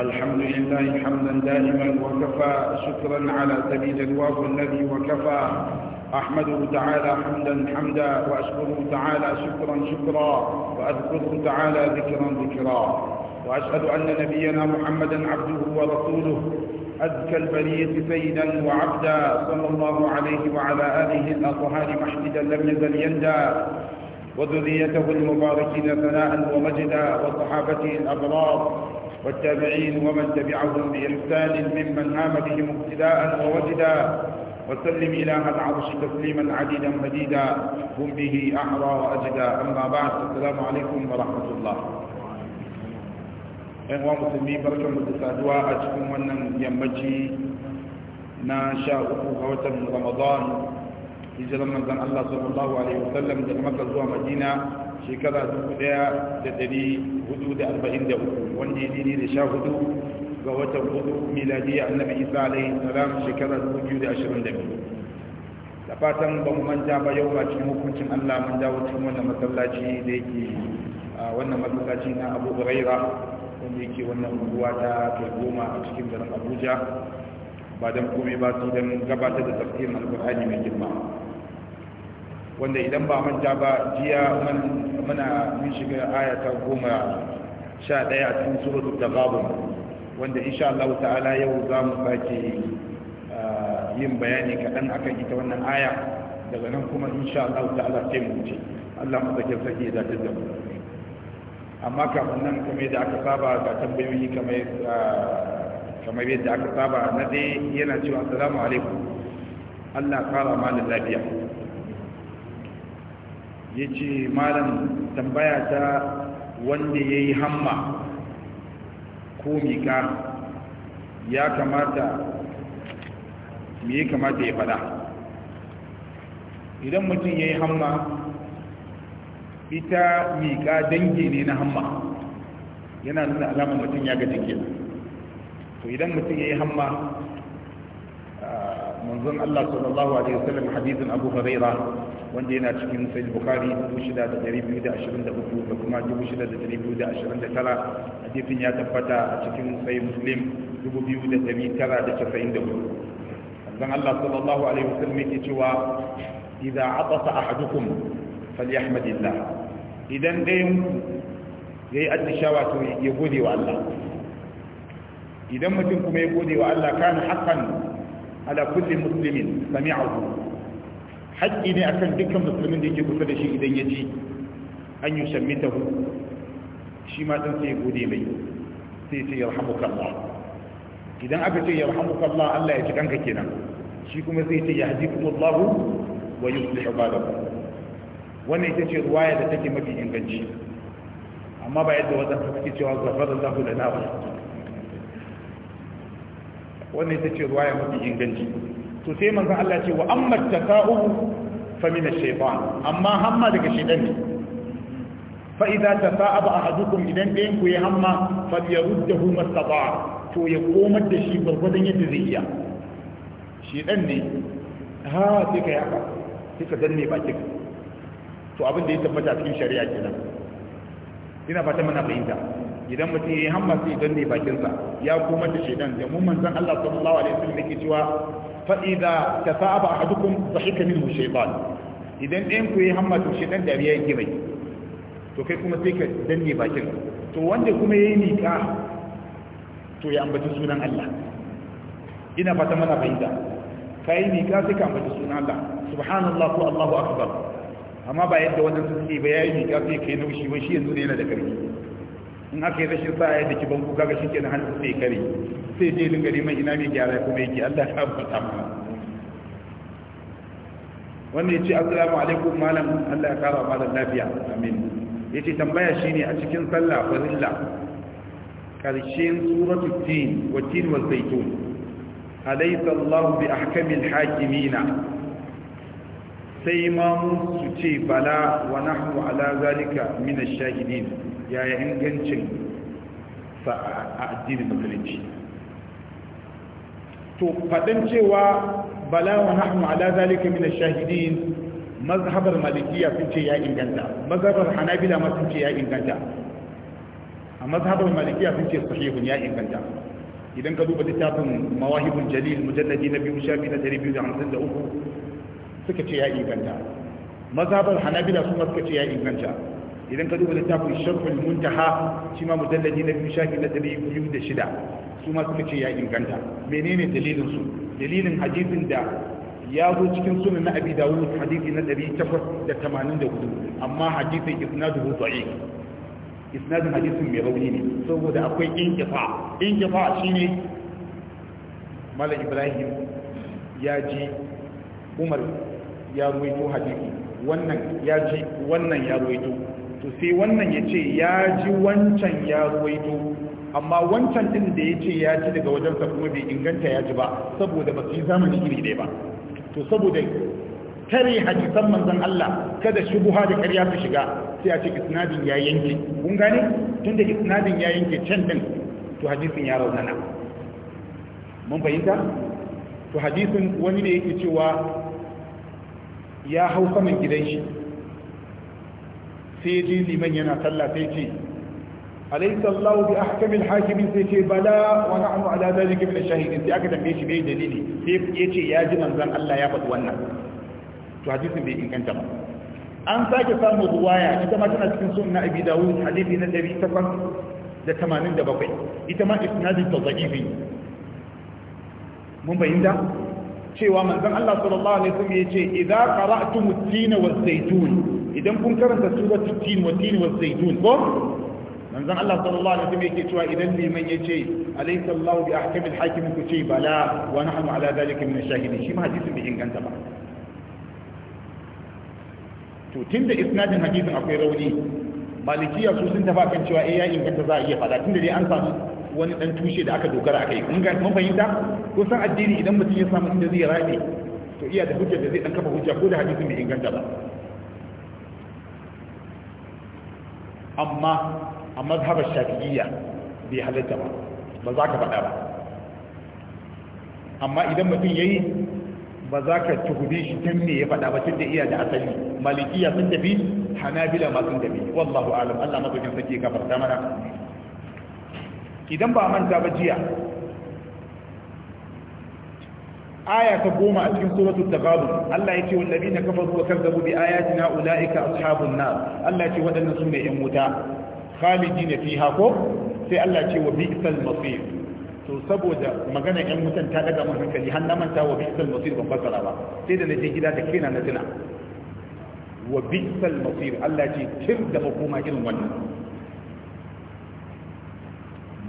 الحمد لله حمدا دائما وكفى شكرا على سبيل الواو الذي وكفى أحمده تعالى حمدا حمدا وأشكره تعالى شكرا شكرا وأذكره تعالى ذكرا ذكرا وأشهد أن نبينا محمدا عبده ورسوله أزكى البرية سيدا وعبدا صلى الله عليه وعلى آله الأطهار محمدا لم يزل يندى وذريته المباركين ثناء ومجدا وصحابته الأبرار والتابعين ومن تبعهم بإحسان ممن هام بهم ابتداء ووجدا وسلم إله العرش تسليما عديدا مديدا هم به أحرى وأجدا أما بعد السلام عليكم ورحمة الله ان wa musulmi barkan mu da saduwa a cikin wannan hijiran manzon Allah sallallahu alaihi wasallam daga Makka zuwa Madina shekara 1443 wanda ya dini da sha hudu ga watan hudu miladiya annabi Isa alaihi salam shekara 2022 da fatan ba mu manta ba yau ba cikin hukuncin Allah mun dawo cikin wannan masallaci da yake wannan masallaci na Abu Huraira wanda yake wannan unguwa ta goma a cikin garin Abuja ba don komai ba su don gabatar da tafsirin alkur'ani mai girma wanda idan ba manta ba jiya muna mun shiga aya ta goma sha ɗaya a cikin suratul tagabun wanda insha Allah ta'ala yau za mu sake ah, yin bayani kaɗan akan ita wannan aya daga nan kuma insha Allah ta'ala sai mu wuce Allah mu sake sake da da amma kafin nan kuma da aka saba ga tambayoyi kamar ah, kamar yadda aka saba na dai yana cewa assalamu alaikum Allah kara malin lafiya ya ce malam tambaya ta wanda ya yi hamma ko miƙa ya kamata me ya kamata ya fada idan mutum ya yi hamma ita miƙa dangi ne na hamma yana nuna alama mutum ya gaji ke to idan mutum ya yi hamma ah, manzon Allah sallallahu alaihi wasallam hadithin Abu Hurairah wanda yana cikin sahih bukhari 6223 da kuma 6229 hadisin ya tabbata a cikin sahih muslim 2994 dan Allah sallallahu alaihi wasallam yake cewa idza atasa ahadukum falyahmadillah idan dayan yayi addishawa to ya gode wa Allah idan mutum kuma ya gode wa Allah kana haqqan ala kulli muslimin sami'ahu haƙƙi ne akan dukkan musulmin da ke kusa da shi idan ya ji an yi shammita hu shi ma ɗan sai gode mai sai ce yarhamuka Allah idan aka ce yarhamuka Allah Allah ya ci kanka kenan shi kuma sai ce yahdikumullahu wa yuslihu balakum wannan ita ce ruwaya da take mafi inganci amma ba yadda wadanda suke cewa zafara lahu lana ba wannan ita ce ruwaya mafi inganci to sai manzon Allah ce wa amma taka'u fa min ash-shaytan amma hamma daga shaytan ne fa idza tasa'aba ahadukum idan ɗayan ku ya hamma fa yaruddahu mastata'a to ya komar da shi gurgurdan yadda zai iya shaytan ne ha sai ka yaka sai ka danne bakin to abin da ya tabbata cikin shari'a kenan ina fata mana fahimta idan mutum ya yi hamma sai idan ne bakinsa ya koma da shaidan da mun manzon Allah sallallahu alaihi wasallam yake cewa fa idza tasaba ahadukum dhahika minhu shaytan idan ɗayan ku yi hamma to shaidan dariya yake mai to kai kuma sai ka danne bakin to wanda kuma yayi miƙa to ya ambaci sunan Allah ina fata mana fahimta kai miƙa sai ka ambaci sunan Allah subhanallah ko Allahu akbar amma ba yadda wannan suke ba yayi miƙa sai kai naushi ba shi yanzu ne yana da karfi in aka yi rashin sa ya daki banku kaga shike na hannu sai kare sai je dinga neman ina mai gyara kuma yake Allah ya tabbata mana wannan yace assalamu alaikum malam Allah ya kara malam lafiya amin yace tambaya shine a cikin sallah farilla karshen suratul tin wa tin wal zaitun alaysa Allah bi ahkamil hakimina sai mamu su ce bala wa nahnu ala zalika min ash-shahidin ingancin a addinin to fadan cewa bala wa nahnu ala zalika min ash-shahidin mazhabar malikiya sun ce ya inganta mazhabar hanabila ma sun ce ya inganta a mazhabar malikiya sun ce sahihun ya inganta idan ka duba littafin mawahibul jalil mujalladi na biyu suka ce ya inganta mazhabar hanabila su suka ce ya inganta idan ka duba littafin sharhul muntaha shi ma mujalladi na biyu shafi na dari biyu da shida su ma suka ce ya inganta menene dalilin su dalilin hadisin da ya zo cikin sunan na abi dawud hadisi na dari takwas da tamanin da hudu amma hadisin isnaduhu da'if isnadin hadisin mai rauni ne saboda akwai inkifa inkifa shine malam ibrahim ya ji umar ya ruwaito hadisi wannan ya ji wannan ya ruwaito to sai wannan ya ce ya ji wancan ya ruwaito amma wancan din da ya ce ya ji daga wajensa kuma bai inganta ya ji ba saboda ba su yi zamani iri ɗaya ba to saboda kare hadisan manzon Allah kada shubuha da ƙarya su shiga sai a ce isnadin ya yanke kun gane tunda isnadin ya yanke can din to hadisin ya raunana mun fahimta to hadisin wani ne yake cewa ya hau saman gidan shi sai ji liman yana sallah sai ce alaysa Allahu bi ahkamil hakimin sai ce bala wa na'mu ala dhalika min shahidin sai aka tambaye shi bai dalili sai ya ce ya ji manzon Allah ya faɗi wannan to hadisin bai inganta ba an sake samu ruwaya ita ma tana cikin sunna abi dawud hadisi na 887 ita ma isnadin ta zaifi mun bayyana cewa manzon Allah sallallahu alaihi wasallam yace idza qara'tum at-tin waz-zaytun idan kun karanta suratul tin wa tin waz-zaytun ko manzon Allah sallallahu alaihi wasallam yake cewa idan liman yace alaysa Allahu bi ahkamil hakim ku ce bala wa nahnu ala dhalika min ash-shahidin shi ma hadisin bai inganta ba to tunda isnadin hadisin akwai rauni malikiya su sun tafi kan cewa eh ya inganta za a iya fada tunda dai an samu wani dan tushe da aka dogara akai mun ga mun fahimta ko san addini idan mutum ya samu inda zai rabe to iya da hujja da zai dan kafa hujja ko da hadisi mai inganta ba amma a mazhabar shafi'iyya bai halatta ba ba za ka faɗa ba amma idan mutum ya yi ba za ka tuhube shi don me ya faɗa ba tunda iya da asali malikiya sun tafi hanabila ma sun tafi wallahu alam Allah madaukin sake gafarta mana idan ba manta ba jiya aya ta goma a cikin suratul taghabun Allah yake wallabi na kafaru wa kazzabu bi ayatina ulaika ashabun nar Allah yake wadannan sune yan wuta khalidina fiha ko sai Allah ce wa bi'sal masir to saboda magana yan mutan ta daga mun hankali har na manta wa bi'sal masir ban fasara ba sai da naje gida da kaina na tuna wa bi'sal masir Allah ce tir da makoma irin wannan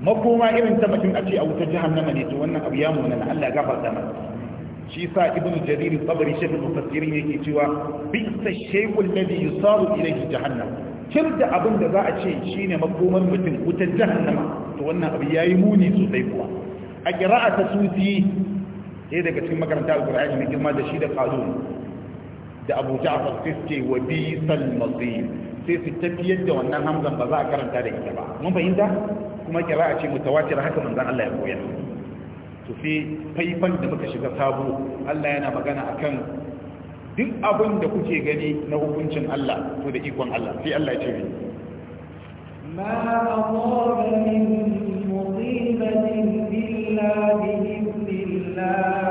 makoma irin ta mutum a ce a wutar jahannama ne to wannan abu ya muna na Allah gafarta mana shi sa ibn jarir sabari shi mufassir yake cewa bisa shaykhul ladhi yusaru ilayhi jahannam kirda abin da za a ce shine makoman mutum wutar jahannama to wannan abu yayi muni sosai kuwa a qira'a ta sufi sai daga cikin makaranta alqur'ani ne girma da shi da qadun da abu ja'far fiske wa bisal masir sai su tafiyar da wannan hamzan ba za a karanta da ita ba mun fahimta kuma kira'a ce mutawatir haka manzon Allah ya koyar to sai faifan da muka shiga sabo Allah yana magana akan duk abin da kuke gani na hukuncin Allah to da ikon Allah sai Allah ya ce ni ma amara min musibatin illa bi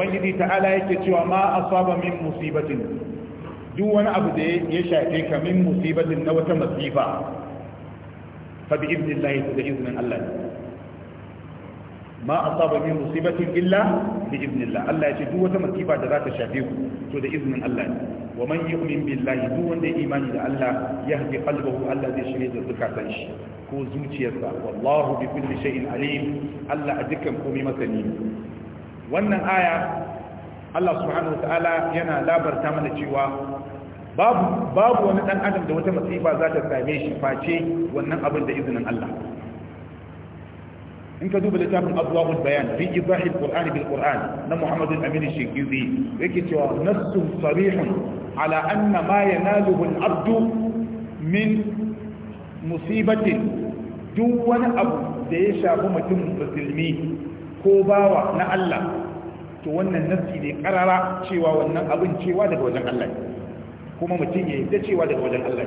ubangiji ta'ala yake cewa ma asaba min musibatin duk wani abu da ya shafe ka min musibatin na wata masifa fa bi Ibnillahi da iznin Allah ma asaba min musibatin illa bi Ibnillah. Allah ya ce duk wata masifa da za ta shafe ku to da iznin Allah wa man yu'min billahi duk wanda ya imani da Allah yahdi qalbahu Allah zai shirye da zakatan shi ko zuciyarsa wallahu bi kulli shay'in alim Allah a dukkan komai masani wannan aya Allah subhanahu wataala yana labarta mana cewa babu wani dan adam da wata masifa za ta same shi face wannan abin da izinin Allah in ka duba littafin abwaul bayan fi izahi alquran bil quran na Muhammad aminu amin yake cewa nassun sarihun ala anna ma yanaluhu abdu min musibatin duk wani abu da ya shafi mutum musulmi ko bawa na Allah to wannan nassi ne karara cewa wannan abin cewa daga wajen Allah kuma mutum ya yadda cewa daga wajen Allah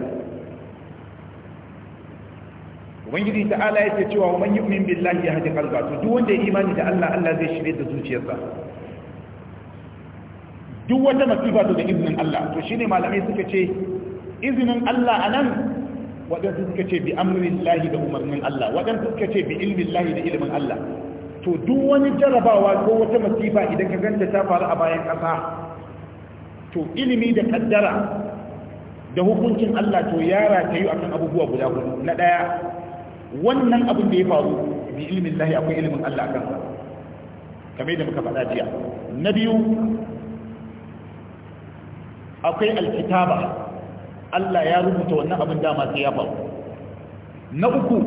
ubangiji ta'ala ya ce cewa man yu'min billahi yahdi qalba to duk wanda ya imani da Allah Allah zai shirye da zuciyarsa duk wata masifa to da izinin Allah to shine malamai suka ce izinin Allah anan waɗansu suka ce bi amrin lahi da umarnin Allah waɗansu suka ce bi ilmin lahi da ilmin Allah to duk wani jarabawa ko wata masifa idan ka ganta ta faru a bayan ƙasa to ilimi da kaddara da hukuncin Allah to ya ratayu akan abubuwa guda hudu na daya wannan abin da ya faru bi ilimin lahi akwai ilimin Allah akan sa kamar yadda muka faɗa jiya na biyu akwai alkitaba Allah ya rubuta wannan abin dama sai ya faru na uku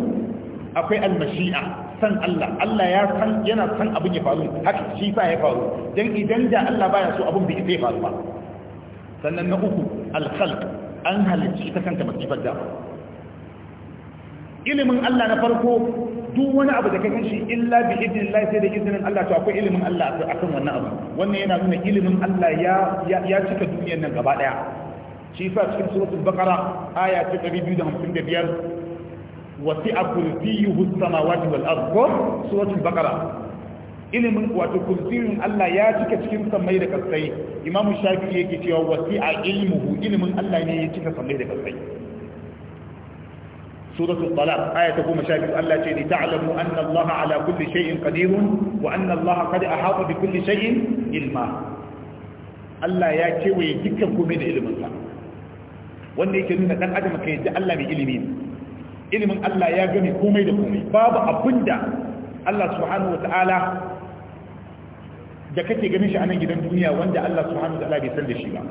akwai almashi'a san Allah Allah ya san yana san abin ya faru haka shi sa ya faru dan idan da Allah baya so abin bai sai faru ba sannan na uku al-khalq an halicci ta kanta masifar da ilimin Allah na farko duk wani abu da ka ganshi illa bi idnillah sai da izinin Allah to akwai ilimin Allah akan wannan abu wannan yana nuna ilimin Allah ya ya cika duniyar nan gaba daya shi sa cikin suratul baqara aya ta 255 wasi'a kursiyuhu samawati wal ardh suratul baqara ilimin wato kursiyin Allah ya cika cikin sammai da kasai imamu shafi'i yake cewa wasi'a ilmuhu ilimin Allah ne ya cika sammai da kasai suratul talaq ayata shafi Allah ce ni ta'lamu anna Allah ala kulli shay'in qadir wa anna Allah a haɗu da kulli shay'in ilma Allah ya kewaye dukkan komai da ilimin sa wanda yake nuna dan adam kai da Allah mai ilimi ilimin Allah ya gane komai da komai babu abinda Allah subhanahu ta'ala da kake ganin shi a nan gidan duniya wanda Allah subhanahu ta'ala bai san da shi ba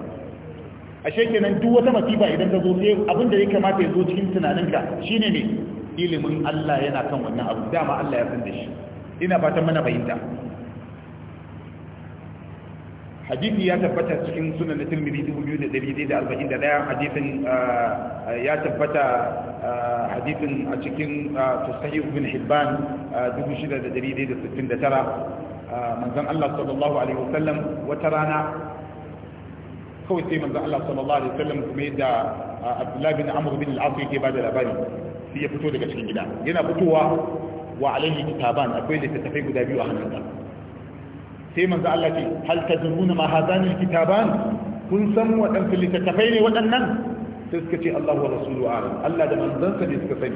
ashe kenan duk wata masifa idan ta zo sai abinda ya kamata ya zo cikin tunaninka shine ne ilimin Allah yana kan wannan abu dama Allah ya san da shi ina fatan mana fahimta hadisi ya tabbata cikin sunan da tirmidhi 2141 hadisin eh, ya tabbata eh, hadisin a cikin eh, tusahih ibn hibban 6669 manzon Allah sallallahu alaihi wasallam wata rana kawai sai manzon Allah sallallahu alaihi wasallam kuma yadda Abdullah bin Amr bin al-As yake bada labari sai ya fito daga cikin gida yana fitowa wa alaihi kitaban akwai littattafai guda biyu a hannunsa sai manzo Allah ce hal tadruna ma hadani kitaban kun san waɗansu littattafai ne waɗannan sai suka ce Allah wa rasulu alam Allah da manzansa ne suka sani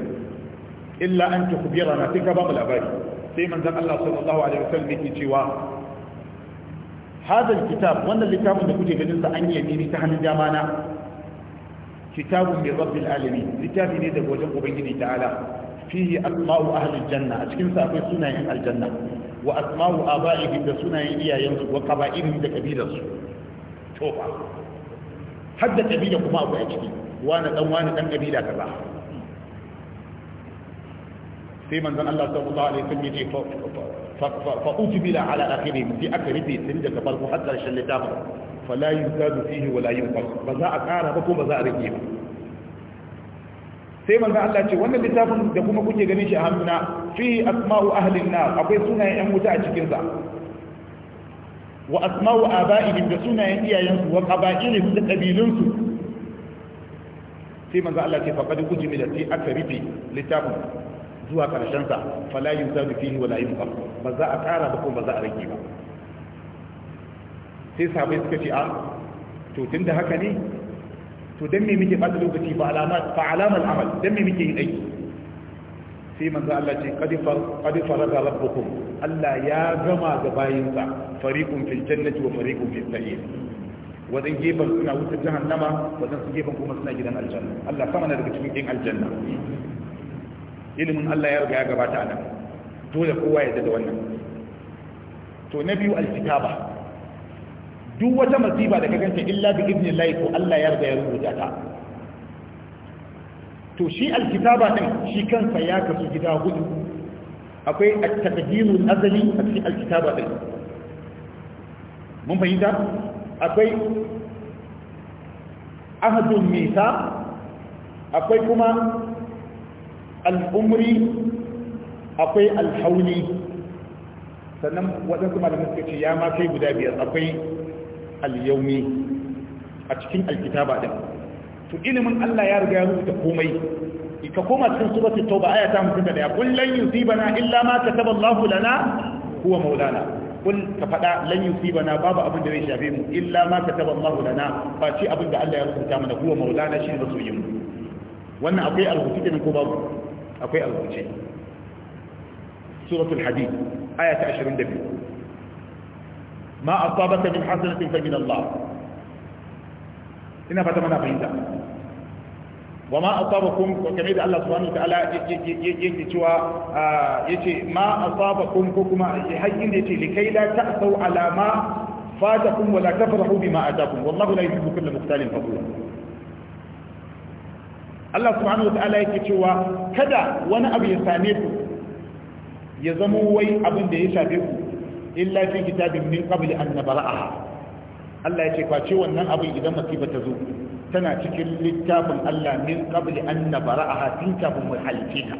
illa an tukbirana sai ka ba mu labari sai manzon Allah sallallahu alaihi wasallam yake cewa hadal kitab wannan littafin da kuke ganin sa an yi yamini ta hannun dama na kitabun bi rabbil alamin littafi ne daga wajen ubangiji ta'ala fihi asma'u ahli janna a cikin sa akwai sunayen aljanna wa asma'u aba'ihim da sunayen iyayensu wa qaba'ihim da kabilarsu to ba har da kabila kuma akwai a ciki wani dan wani dan kabila kaza sai manzon Allah sallallahu alaihi wasallam yace fa fa utbila ala akhirih fi akribi tun daga farko har karshen littafin fala yuzadu fihi wala yunqas ba za a ƙara ba ko ba za a rage ba sai manzo Allah ce wannan littafin da kuma kuke ganin shi a hannuna fi asma'u ahlin nar akwai sunayen yan wuta a cikin sa wa asma'u aba'ihim da sunayen iyayensu wa qaba'ilihim da kabilunsu sai manzo Allah ce faqad kujmi da sai aka rufe littafin zuwa karshen sa fala yusadu fihi wala yunqas ba za a kara ba ko ba za a rage ba sai sahabbai suka ce a to tunda haka ne to dan me muke bada lokaci fa alamat fa alamal amal dan me muke yin aiki sai manzo Allah ce qad qad faraga rabbukum Allah ya gama ga bayinsa fariqun fil jannati wa fariqun fis sa'ir wadan gefen suna wuta jahannama wadan su gefen kuma suna gidan aljanna Allah sama na daga cikin aljanna ilimin Allah ya riga ya gabata anan dole kowa ya da wannan to na biyu alkitaba duk wata masifa da ka ganta illa bi ibnin lahi ko Allah ya riga ya rubuta ta to shi alkitaba din shi kansa ya kasu gida hudu akwai at-taqdimu azali a cikin alkitaba din mun fahimta akwai ahadun misa akwai kuma al'umri akwai alhauni sannan waɗansu malamai suka ce ya ma kai guda biyar akwai al-yawmi a cikin alkitaba din to ilimin Allah ya riga ya rubuta komai ka koma cikin suratul tauba aya ta da 51 qul lan yusibana illa ma ka kataba Allahu lana huwa maulana qul ka fada lan yusibana babu abin da zai shafe mu illa ma kataba Allahu lana ba ce abin da Allah ya rubuta mana huwa maulana shi ne masoyin mu wannan akwai alhuti ne ko babu akwai alhuti suratul hadid aya ta ashirin da biyu. ma asabaka min hasanatin fa min Allah ina fata mana fahimta wa ma asabakum kamar da Allah subhanahu wataala yake cewa yace ma asabakum ko kuma hayyin da yace likai la ta'sau ala ma fatakum wa la tafrahu Allah subhanahu wataala yake cewa kada wani abu ya same ku ya zama wai abin da ya shafe ku illa fi kitabin min qabli an nabra'aha Allah ya ce face wannan abin idan masifa ta zo tana cikin littafin Allah min qabli an nabra'aha tun kafin mu halice ta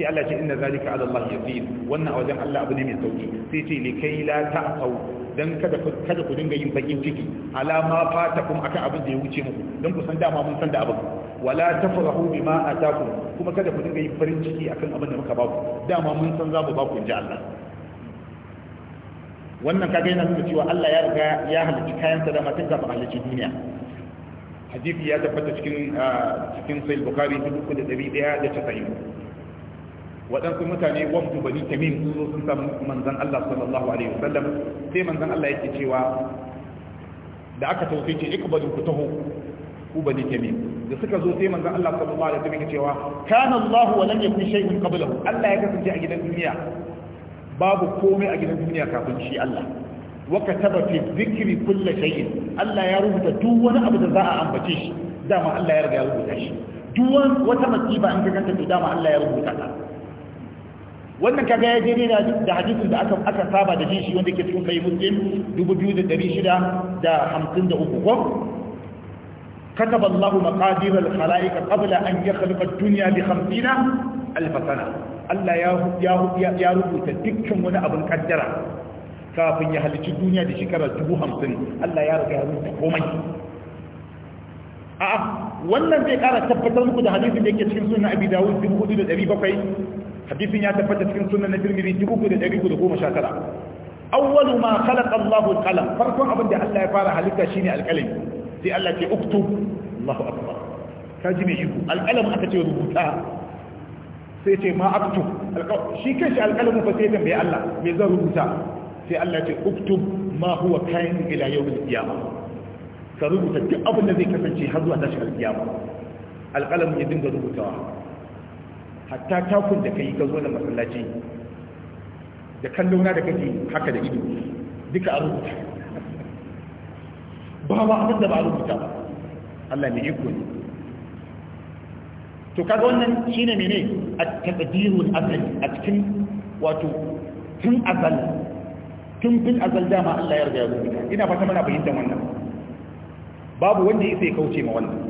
sai Allah ce inna zalika ala Allah yazid wannan a wajen Allah abu ne mai sauki sai ce likai la ta'tau Dan kada ku dinga yin bakin ciki alama fata kuma akan abin da ya wuce muku don ku san dama mun san da abin wala tafrahu bima atakum kuma kada ku dinga yin farin ciki akan abin da muka ba ku dama mun san za mu ba ku inji Allah wannan kaga yana nuna cewa Allah ya riga ya halicci kayan sa da matan kafin halicci duniya hadisi ya tabbata cikin ah, cikin sahih bukhari 3190 waɗansu mutane wamdu bani tamim sun zo sun samu manzon Allah sallallahu alaihi wasallam sai manzon Allah yake cewa da aka tausaye ce ikbalu ku taho ku bani tamim da suka zo sai manzon Allah sallallahu alaihi wasallam yake cewa kana Allah wa lam yakun shay'un qablahu Allah ya kasance a gidan duniya babu komai a gidan duniya kafin shi Allah waka taba fi zikri kullu shay'in Allah ya rubuta duk wani abu da za a ambace shi dama Allah ya riga ya rubuta shi duk wata masifa an kaga ta dama Allah ya rubuta ta wannan kaga ya je ne da hadisin da aka aka saba da shi wanda ke cikin sahih muslim 2653 ko كتب الله مقادير الخلائق قبل أن يخلق الدنيا بخمسين ألف سنة Allah ya rubuta dukkan wani abin kaddara kafin ya halicci duniya da shekara dubu hamsin Allah ya riga ya rubuta komai a'a wannan zai kara tabbatar muku da hadisin da yake cikin sunan abi dawud 4700 hadisin ya tabbata cikin sunan na tirmidhi 3319 awwalu ma khalaqa Allahu al-qalam farkon abin da Allah ya fara halitta shine al-qalam sai Allah ya uktub Allahu akbar kaji mai iko al-qalam aka ce rubuta sai ce ma aktub shi shi alƙalamin fa sai tambaye Allah me zan rubuta sai Allah ce uktub ma huwa kayan ila yawmil qiyamah ka rubuta duk abin da zai kasance har zuwa tashin alƙiyama alƙalamin ya dinga rubutawa hatta takun da kai ka zo da masallaci da kallon da kake haka da ido duka a rubuta ba ma abin da ba a rubuta ba Allah mai iko ne to kaga wannan shine mene a taqdirul azali a cikin wato tun azal tun fil azal dama Allah ya riga ya rubuta ina fata muna fahimtar wannan babu wanda yake kauce ma wannan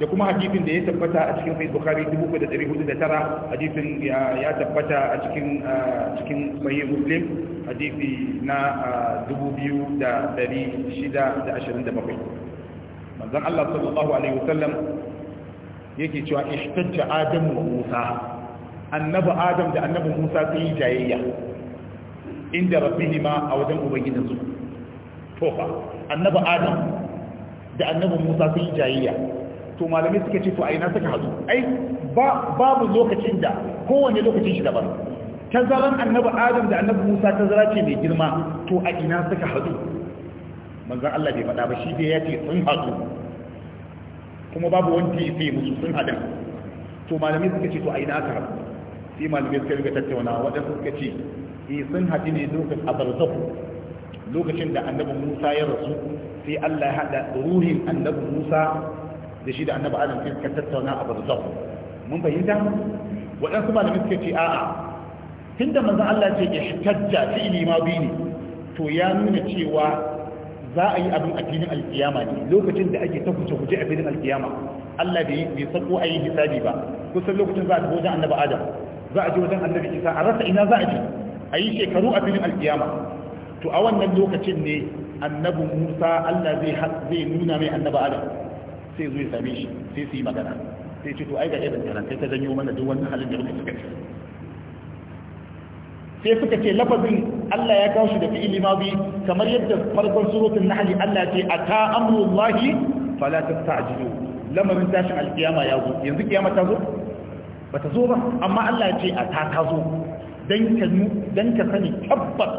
da kuma hadisin da ya tabbata a cikin sahih bukhari 1409 hadisin ya tabbata a cikin cikin sahih muslim hadisi na 2627 manzon Allah sallallahu alaihi wasallam yake cewa ishtajja Adam wa musa annabi adam da annabi musa sun yi jayayya inda rabbihima a wajen ubangijinsu to fa annabi adam da annabi musa sun yi jayayya to malamai suka ce to a ina suka hadu ai babu lokacin da kowanne lokacin shi daban tazaran annabi adam da annabi musa tazara ce mai girma to a ina suka hadu manzon Allah bai faɗa ba shi dai ya ce sun hadu kuma babu wanda ya fi musu sun hada to malamai suka ce to a ina aka rabu sai malamai suka riga tattauna waɗansu suka ce eh sun haɗu ne lokacin a barzahu lokacin da annabi Musa ya rasu sai Allah ya haɗa ruhin annabi Musa da shi da annabi Adam sai suka tattauna a barzahu mun fahimta waɗansu malamai suka ce a'a tun da manzon Allah ce ya tajja fi ilima biyu ne to ya nuna cewa za a yi abin a filin alkiyama ne lokacin da ake ta kuce kuce a filin alkiyama Allah bai bai sako a yi hisabi ba kusan lokacin za a tafi wajen annabi Adam za a je wajen annabi Isa a rasa ina za a je a yi shekaru a filin alkiyama to a wannan lokacin ne annabi Musa Allah zai zai nuna mai annabi Adam sai zo ya same shi sai su yi magana sai ce to ai ga irin karantai ta janyo mana duk wannan halin da muka fuskanta sai suka ce lafazin Allah ya kawo shi da fi'ili madi kamar yadda farkon suratul nahl Allah ce ata amrullahi fala tastajilu lamarin tashin alkiyama ya zo yanzu kiyama ta zo ta zo ba amma Allah ya ce a ta zo dan ka sani tabbas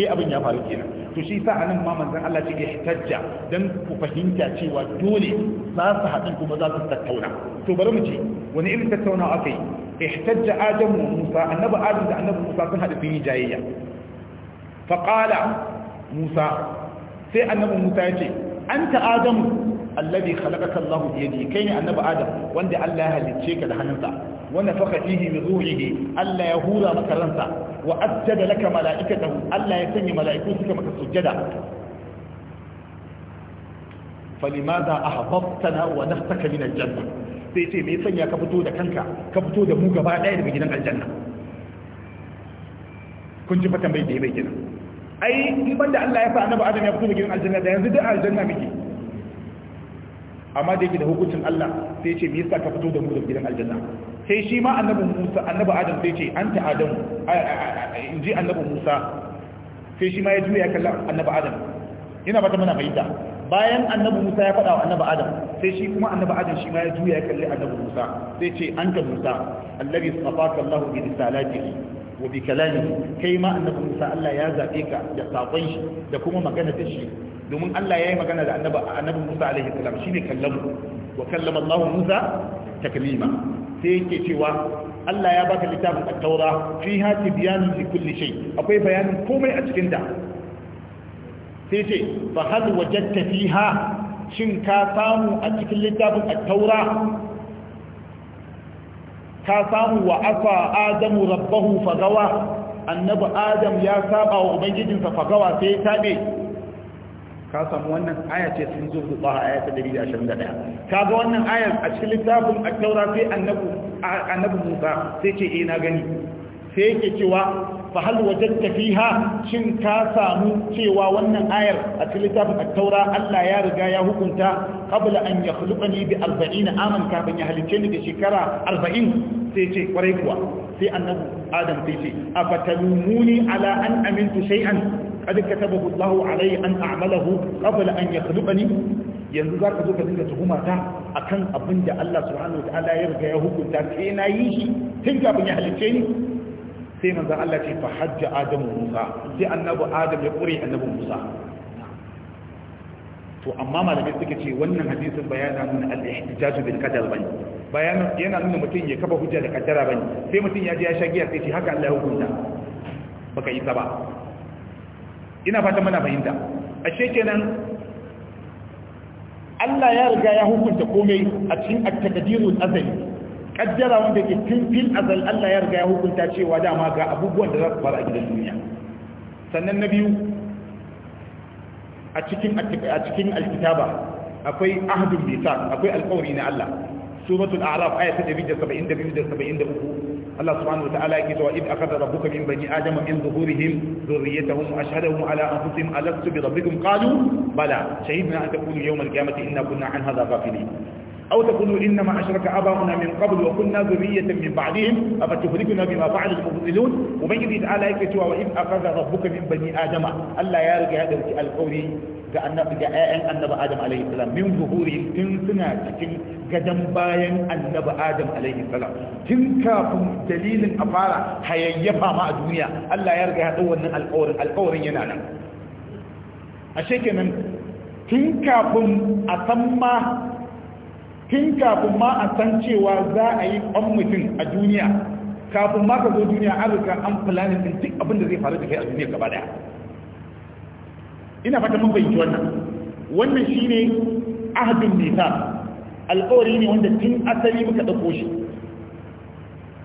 sai abin ya faru kenan to shi sa anan ma manzan Allah ce ihtajja dan ku fahimta cewa dole za su haɗin kuma za su tattauna to bari mu ce wani irin tattaunawa aka yi احتج آدم وموسى النبى آدم ده النبى موسى سنها لفيني جاية فقال موسى سي النبى موسى يجي أنت آدم الذي خلقك الله بيدي كين النبى آدم واندي الله اللي تشيك ده ننسى ونفق فيه من روحه ألا يهورا مكرنسى وأسجد لك ملائكته ألا يسني ملائكوسك مكسجدا فلماذا أحببتنا ونفتك من الجنة sai ce me sanya ka fito da kanka ka fito da mu gaba ɗaya daga gidan aljanna kun ji fatan bai da bai gina ai in banda Allah ya sa annabi Adam ya fito daga gidan aljanna da yanzu duk aljanna muke amma da yake da hukuncin Allah sai ce me yasa ka fito da mu daga gidan aljanna sai shi ma annabi Musa annabi Adam sai ce anta Adam in ji annabi Musa sai shi ma ya juya kallon annabi Adam ina ba ta mana fahimta bayan annabi Musa ya faɗa wa annabi Adam sai shi kuma annabi Adam shi ma ya juya ya kalli annabi Musa sai ce anta Musa allazi safaka Allahu bi risalatihi wa bi kalamihi kai ma annabi Musa Allah ya zabe ka da sakon shi da kuma magana da shi domin Allah ya yi magana da annabi annabi Musa alaihi salam shine kallamu wa kallama Allahu Musa taklima sai yake cewa Allah ya baka littafin at-taura fiha tibyan li kulli shay akwai bayanin komai a cikin ta sai ce fa hal wajadta fiha shin ka samu a cikin littafin at-taura ka samu wa afa adamu rabbahu fagawa annabi adam ya saba wa ubangijinsa fagawa sai ya tabe ka samu wannan aya ce sun zo da aya ta 121 ga wannan aya a cikin littafin at-taura sai annabi annabi Musa sai ce eh na gani sai yake cewa fa hal wajadta fiha shin ka samu cewa wannan ayar a cikin littafin at-taura Allah ya riga ya hukunta qabla an yakhluqani bi 40 aman ban ya halice ni da shekara 40 sai ce kwarai kuwa sai annabi adam sai ce afatalumuni ala an amintu shay'an قد كتبه الله علي an amalahu قبل an يخلقني yanzu za ka zo ka dinga tuhuma ta a kan abin da Allah subhanahu wa ta'ala ya riga ya hukunta sai na yi shi tun kafin ya halicce ni sai manzan Allah ce fa hajji adamu musa sai Annabu adam ya ƙure Annabu musa to amma malamai suka ce wannan hadisin ba yana nuna al-ihtijaju bil qadar bane bayanin yana nuna mutum ya kafa hujja da kaddara bane sai mutum ya je ya shagiya sai ce haka Allah ya hukunta baka yi ba ina fata muna fahimta ashe kenan Allah ya riga ya hukunta komai a cikin at-taqdirul azali kaddara wanda ke tun fil azal Allah ya riga ya hukunta cewa dama ga abubuwan da za su fara a gidan duniya sannan na biyu a cikin a cikin alkitaba akwai ahdul mithaq akwai alƙawari na Allah suratul a'raf aya ta 172 Allah subhanahu yake cewa id akhadha rabbuka min bani adama min zuhurihim dhurriyyatahum ashhadahum ala anfusihim alastu bi rabbikum qalu bala shahidna an taqulu yawm al-qiyamati inna kunna an hadha ghafilin أو تقولوا إنما أشرك أباؤنا من قبل وكنا ذرية من بعدهم أفتخلقنا بما فعل المبطلون ومن يريد تعالى يكتوى وإذ أخذ ربك من بني آدم ألا يرجع ذلك القول ga ‘ya’yan annaba Adam alaihi salam min zuhuri tun suna cikin gadon bayan annaba Adam alaihi salam tun kafin dalilin a fara hayayyafa ma a duniya Allah ya riga haɗu wannan alƙawarin yana nan a shekinan tun kafin a samma. tun kafin ma a san cewa za a yi ɓan mutum a duniya kafin ma ka zo duniya an riga an fulani din duk abin da zai faru da kai a duniya gaba daya ina fata mun fahimci wannan wannan shine ahdun nisa alƙawari ne wanda tun asali muka ɗauko shi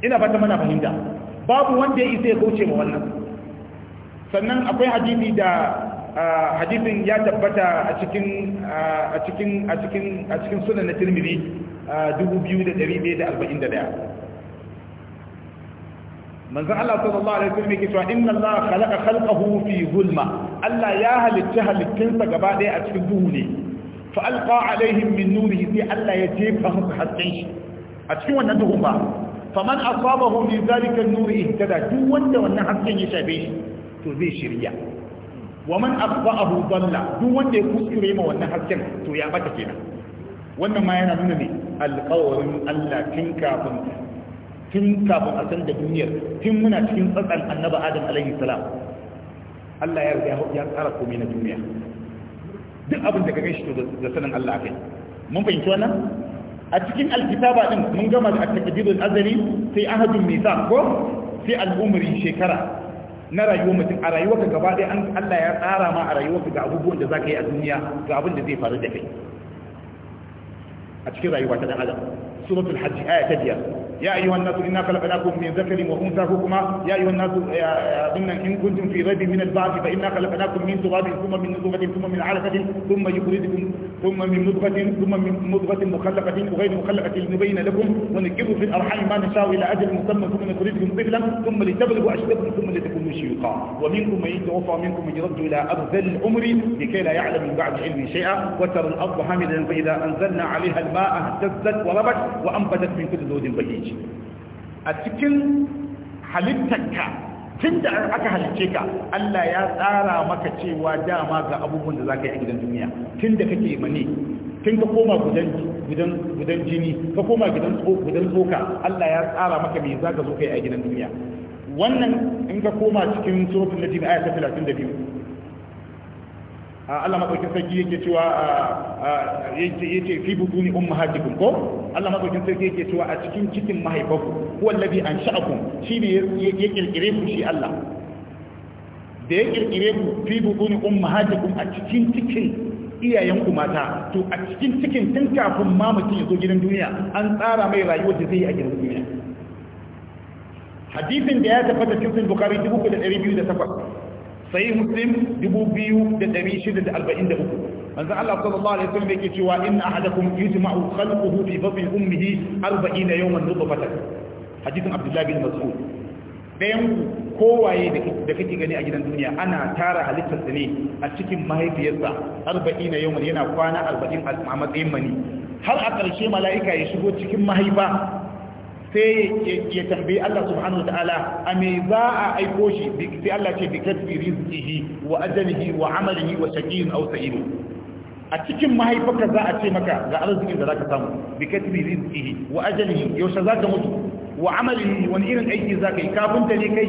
ina fata mana fahimta babu wanda ya isa ya kauce ma wannan sannan akwai hadisi da hadisin ya tabbata a cikin a cikin a cikin a cikin sunan na tirmidhi 2141 manzon Allah sallallahu alaihi wasallam yake cewa inna Allah khalaqa khalqahu fi zulma Allah ya halitta halittinsa gaba ɗaya a cikin duhu ne fa alqa alaihim min nurihi sai Allah ya jefa musu hasken shi a cikin wannan duhun ba faman asabahu li zalika an-nur ihtada duk wanda wannan hasken ya shafe shi to zai shirya wa man abu dalla duk wanda ya kuskure ma wannan hasken to ya bata kenan wannan ma yana nuna ne alƙawarin Allah tun kafin a san da duniyar tun muna cikin tsatsan annaba adam alaihi salam Allah ya tsara komai na duniya duk abin da ka gaishe to da sanin Allah kai. mun fahimci wannan a cikin alkitaba din mun gama da at-takdirul azali sai ahadun misa ko sai al-umri shekara na rayuwar mutum a rayuwarka gaba ɗaya an Allah ya tsara ma a rayuwarka ga abubuwan da zaka yi a duniya ga abin da zai faru da kai a cikin rayuwa ta dan adam suratul hajj aya ta biyar يا أيها الناس إنا خلقناكم من ذكر وأنثى حكما يا أيها الناس ضمن إن كنتم في ريب من البعض فإنا خلقناكم من تراب ثم من نطفة ثم من علقة ثم يخرجكم ثم من نطفة ثم من مضغة مخلقة وغير مخلقة لنبين لكم ونكبر في الأرحام ما نشاء إلى أجل مسمى ثم نخرجكم طفلا ثم لتبلغوا أشدكم ثم لتكونوا شيوخا ومنكم من يتوفى منكم من يرد إلى أرذل الأمر لكي لا يعلم من بعد علم شيئا وترى الأرض حامدا فإذا أنزلنا عليها الماء اهتزت وربت وأنبتت من كل زوج بهيج mutunci a cikin halittarka tun da aka halicce ka Allah ya tsara maka cewa dama ga abubuwan da za ka yi a gidan duniya tun da kake mani, tun ka koma gudan jini ka koma gudan tsoka Allah ya tsara maka me za ka zo ka yi a gidan duniya wannan in ka koma cikin surutun najim aya ta 32 Allah madaukin sarki yake cewa yake yake fi buduni ummahatikum ko Allah madaukin sarki yake cewa a cikin cikin mahaifaku huwa alladhi ansha'akum shine ya kirkire ku shi Allah da ya kirkire ku fi buduni ummahatikum a cikin cikin iyayenku mata to a cikin cikin tun kafin ma mutum ya zo gidan duniya an tsara mai rayuwar da zai yi a gidan duniya hadisin da ya tabbata cikin bukari 3208 sai muslim 2643 manzo Allah sallallahu alaihi wasallam yake cewa inna ahadakum yujma'u khalquhu fi batni ummihi 40 yawman nutfatan hadithun Abdullahi bin mas'ud dayan kowaye da kake gani a gidan duniya ana tara halittar ne a cikin mahaifiyarsa 40 yawman yana kwana 40 a matsayin mani har a ƙarshe mala'ika ya shigo cikin mahaifa sai ya tambayi Allah subhanahu wa ta'ala a me za a aiko shi sai Allah ce bi kasbi rizqihi wa ajalihi wa amalihi wa shaqiyun aw sa'id a cikin mahaifarka za a ce maka ga arzikin da zaka samu bi kasbi rizqihi wa ajalihi yaushe zaka mutu wa amalihi wani irin aiki zaka yi kafinta ne kai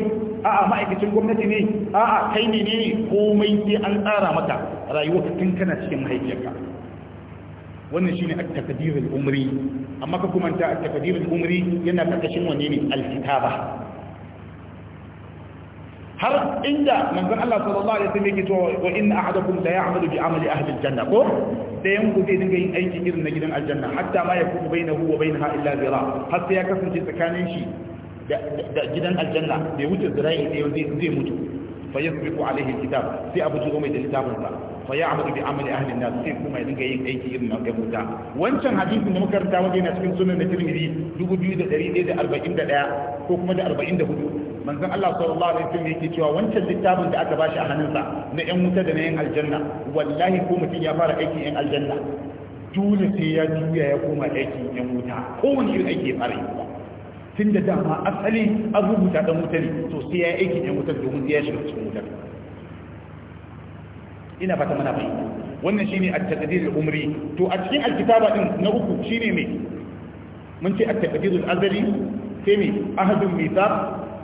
a'a ma'aikacin gwamnati ne a'a kai ne ne komai sai an tsara maka rayuwarka tun kana cikin mahaifiyarka wannan shine at-takdir al-umri amma ka kuma ta at-takdir al-umri yana karkashin wanne ne al-kitaba har inda manzon Allah sallallahu alaihi wasallam yake cewa wa inna ahadakum la ya'malu bi amali ahli al-janna ko dayan ku zai dinga yin aiki irin na gidan aljanna hatta ma yakunu bainahu wa bainaha illa zira har sai ya kasance tsakanin shi da gidan aljanna bai wuce zira'i sai zai mutu fa yasbiqu alaihi alkitab sai abu jiro da littafin sa fa ya'malu bi amali ahli an-nas sai kuma ya dinga yin aiki irin na wuta wancan hadisin da muka karanta yana cikin sunan 2141 ko kuma da 44 manzon Allah sallallahu alaihi wasallam yake cewa wancan littafin da aka bashi a hannunsa na yan wuta da na yan aljanna wallahi ko mutum ya fara aikin yan aljanna dole sai ya juya ya koma aikin yan wuta irin aiki ya fara yi tun da dama asali abubuwa rubuta dan wutar to sai ya aiki ne wutar domin ya shiga cikin wutar ina fata mana bai wannan shi ne taqdir al-umri to a cikin al'kitaba kitaba na uku shi ne me mun ce at-taqdir al-azali sai me ahadun mithaq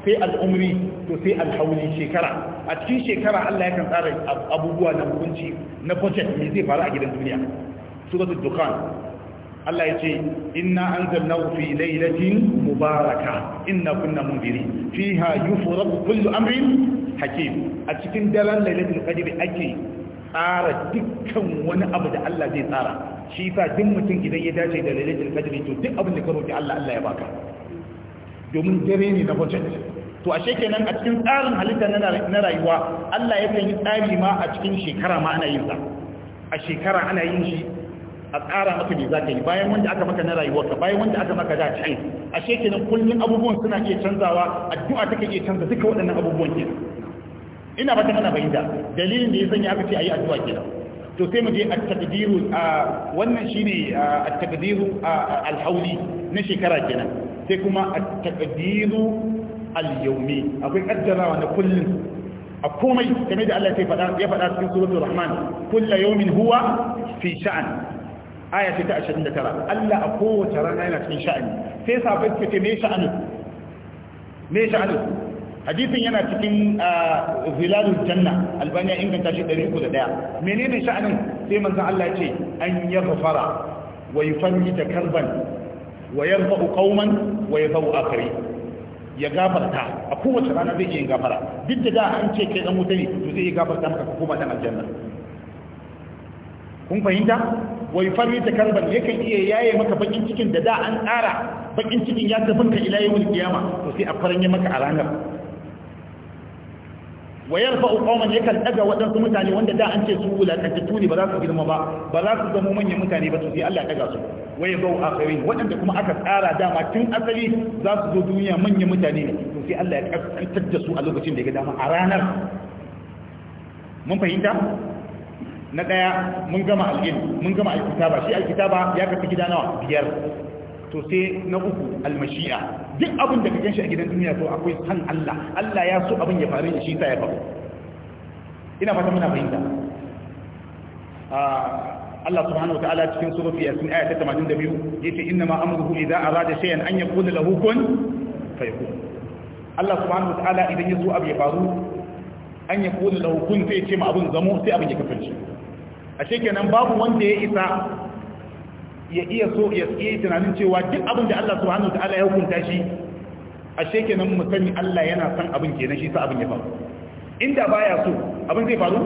sai al to sai al shekara a cikin shekara Allah ya kan tsara abubuwa na hukunci na budget me zai faru a gidan duniya suratul dukhan Allah ya ce inna anzalnahu fi laylatin mubaraka inna kunna mundiri fiha yufraqu kullu amrin hakim a cikin daren lailatul qadr ake tsara dukkan wani abu da Allah zai tsara shi yasa duk mutum idan ya dace da lailatul qadr to duk abin da ka roki Allah Allah ya baka domin dare ne na budget to ashe kenan a cikin tsarin halitta na rayuwa Allah ya kan yi tsari ma a cikin shekara ma ana yin sa a shekara ana yin shi a tsara maka ne za ka yi bayan wanda aka maka na rayuwarka bayan wanda aka maka da can ashe kenan kullum abubuwan suna iya canzawa addu'a take iya canza duka waɗannan abubuwan kenan ina ba ta mana bayyana dalilin da ya sanya aka ce yi addu'a kenan to sai mu je at-taqdiru wannan shi ne taqdiru al na shekara kenan sai kuma at-taqdiru al akwai kaddarawa na kullum a komai game da Allah ya faɗa ya faɗa cikin suratul rahman kullu yawmin huwa fi sha'an aya ce ta 29 Allah a kowace rana yana cikin sha'ani sai sabai suka ce me sha'ani me sha'ani hadisin yana cikin ah, zilalul janna Albani albaniya inganta shi 301 menene sha'anin sai manzon Allah ya ce an yaghfara wa yufannita karban wa yarfa'u qauman wa yafau akhari ya gafarta a kowace rana zai iya gafara duk da da an ce kai dan wuta ne to zai iya gafarta maka ko ba dan aljanna kun fahimta wai fari ta karban yakan iya yaye maka bakin cikin da da an tsara bakin cikin ya tafi ka ila yawon kiyama to sai a faranye maka a ranar wayar fa'u qauman yakan daga waɗansu mutane wanda da an ce su wulakantattu ne ba za su girma ba ba za su zama manyan mutane ba to sai Allah daga su waye bau akhirin waɗanda kuma aka tsara dama tun asali za su zo duniya manyan mutane ne to sai Allah ya kaskantar su a lokacin da ya ga dama a ranar mun fahimta na daya mun gama al'ilm mun gama alkitaba shi alkitaba ya kafi gida nawa biyar to sai na uku almashi'a duk abin da ka ganshi a gidan duniya to akwai san Allah Allah ya so abin ya faru da shi ya faru ina fata muna fahimta ah, Allah subhanahu cikin Yasin aya ta inna ma shay'an an Allah subhanahu idan abu ya faru an yaqula sai ya ce ma abin zamo sai abin ya kasance a kenan babu wanda ya isa ya iya so ya iya tunanin cewa duk abin da Allah subhanahu wa ta'ala ya hukunta shi a kenan mu sani Allah yana son abin kenan shi sa abin ya faru inda baya so abin zai faru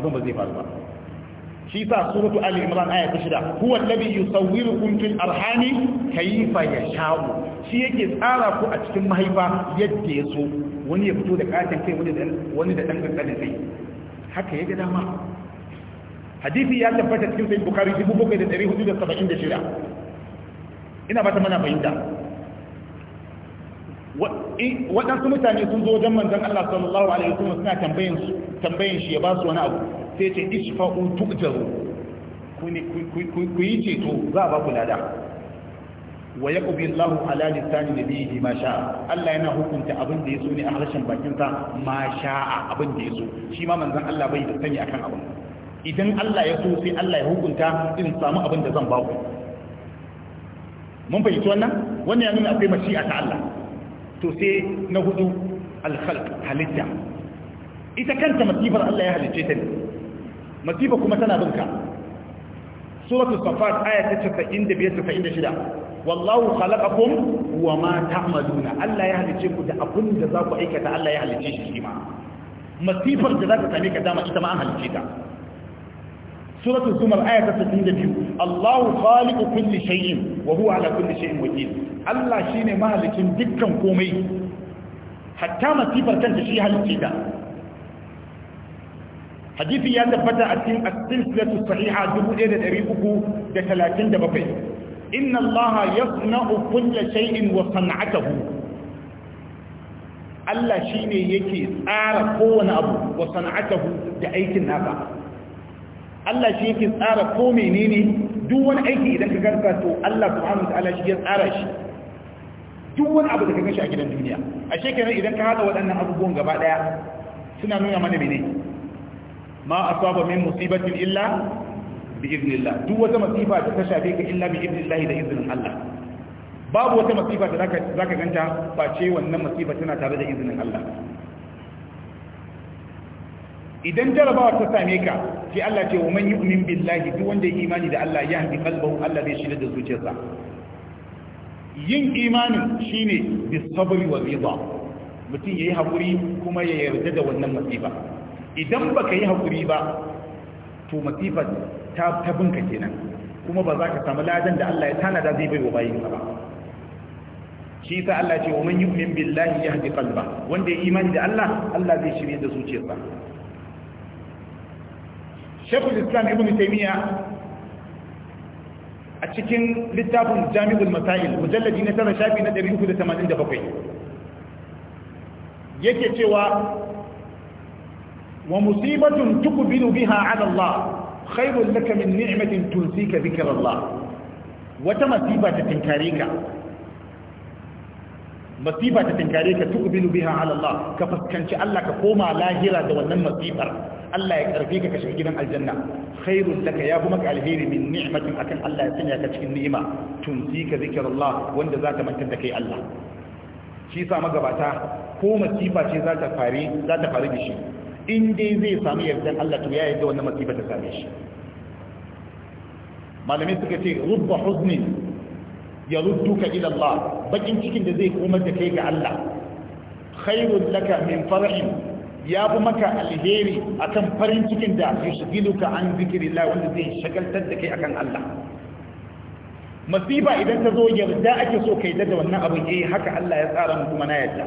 abin ba zai faru ba shi sa suratu ali imran aya ta shida huwa alladhi yusawwirukum fil arhami kayfa yasha'u shi yake tsara ku a cikin mahaifa yadda ya so wani ya fito da katin kai wani da wani da dan kankanin kai haka yake dama hadisi ya tabbata cikin sahih bukhari shida. ina ba ta mana fahimta eh, waɗansu mutane sun zo wajen manzon Allah sallallahu alaihi wasallam suna tambayin tambayin shi ya ba su wani abu sai ce isfa'u tuqtaru ku ne ku yi ceto za a ba ku lada wa yaqbi Allahu ala lisani nabiyhi ma sha'a Allah yana hukunta abin da yaso ne a harshen bakin sa ma sha'a abin da yaso shi ma manzan Allah bai da sani akan abin idan Allah ya so sai Allah ya hukunta in samu abin da zan baku mun fahimci wannan wannan ya nuna akwai mashi'a ta Allah to sai na hudu al-khalq halitta ita kanta masifar Allah ya halicce ta ne masifa kuma tana binka suratul safat aya ta 95 96 wallahu khalaqakum wa ma ta'maluna Allah ya halicce ku da abin da za ku aikata Allah ya halicce shi ma masifar da za ta same ka dama ita ma an halicce ta سورة الزمر آية 62 الله خالق كل شيء وهو على كل شيء وكيل الله شيني مالك دكا قومي حتى ما تفر كانت شيها الابتداء حديث يا تفتى السلسلة الصحيحة جبوا إلى الأريبك دثلاثين دبقين إن الله يصنع كل شيء وصنعته الله شيني يكي آر قوة أبو وصنعته دعيك النافع Allah shi yake tsara ko menene duk wani aiki idan ka garka to Allah subhanahu wataala shi ya tsara shi duk wani abu da ka gashi a gidan duniya a shekarar idan ka haɗa waɗannan abubuwan gaba ɗaya suna nuna mana mene ma asaba min musibatin illa bi iznillah duk wata masifa da ta shafe ka illa bi iznillah da iznin Allah babu wata masifa da zaka zaka ganta face wannan masifa tana tare da iznin Allah idan jarabawa ta same ka sai Allah ce wa man yu'min billahi duk wanda ya imani da Allah ya hadi qalbahu Allah zai shirya da zuciyarsa yin imanin shine bis sabri wa ridha mutum yayi hakuri kuma ya yarda da wannan masifa idan baka yi hakuri ba to masifar ta tabinka kenan kuma ba za ka samu ladan da Allah ya tanada zai bai wa bayinsa ba shi sa Allah ce wa man yu'min billahi yahdi qalba wanda ya imani da Allah Allah zai shirya da zuciyarsa shekul islam ibn taimiyya a cikin littafin jami'ul masail mujallaji na tara shafi na 387 yake cewa wa musibatun tukbilu biha ala Allah khairul laka min ni'matin tunsika dhikra wata masiba ta tinkare ka masifa ta tinkare ka tuqbilu biha ala Allah ka fuskanci Allah ka koma lahira da wannan masifar Allah ya karfe ka kashe gidan aljanna khairul laka ya kuma alheri min ni'matin akan Allah ya sanya ka cikin ni'ima tunzika zikrullah wanda zaka mantar da kai Allah shi sa magabata ko masifa ce za ta fare za ta faru da shi in dai zai samu yardan Allah to ya da wannan masifa ta same shi malamai suka ce rubba huzni. ya rudduka ila Allah bakin cikin da zai komar da kai ga Allah khairul laka min far'in ya fi maka alheri akan farin cikin da yusgiluka an zikrillah wanda zai shagaltar da kai akan Allah masifa idan ta zo yarda ake so kai da wannan abin eh haka Allah ya tsara mu kuma na yadda.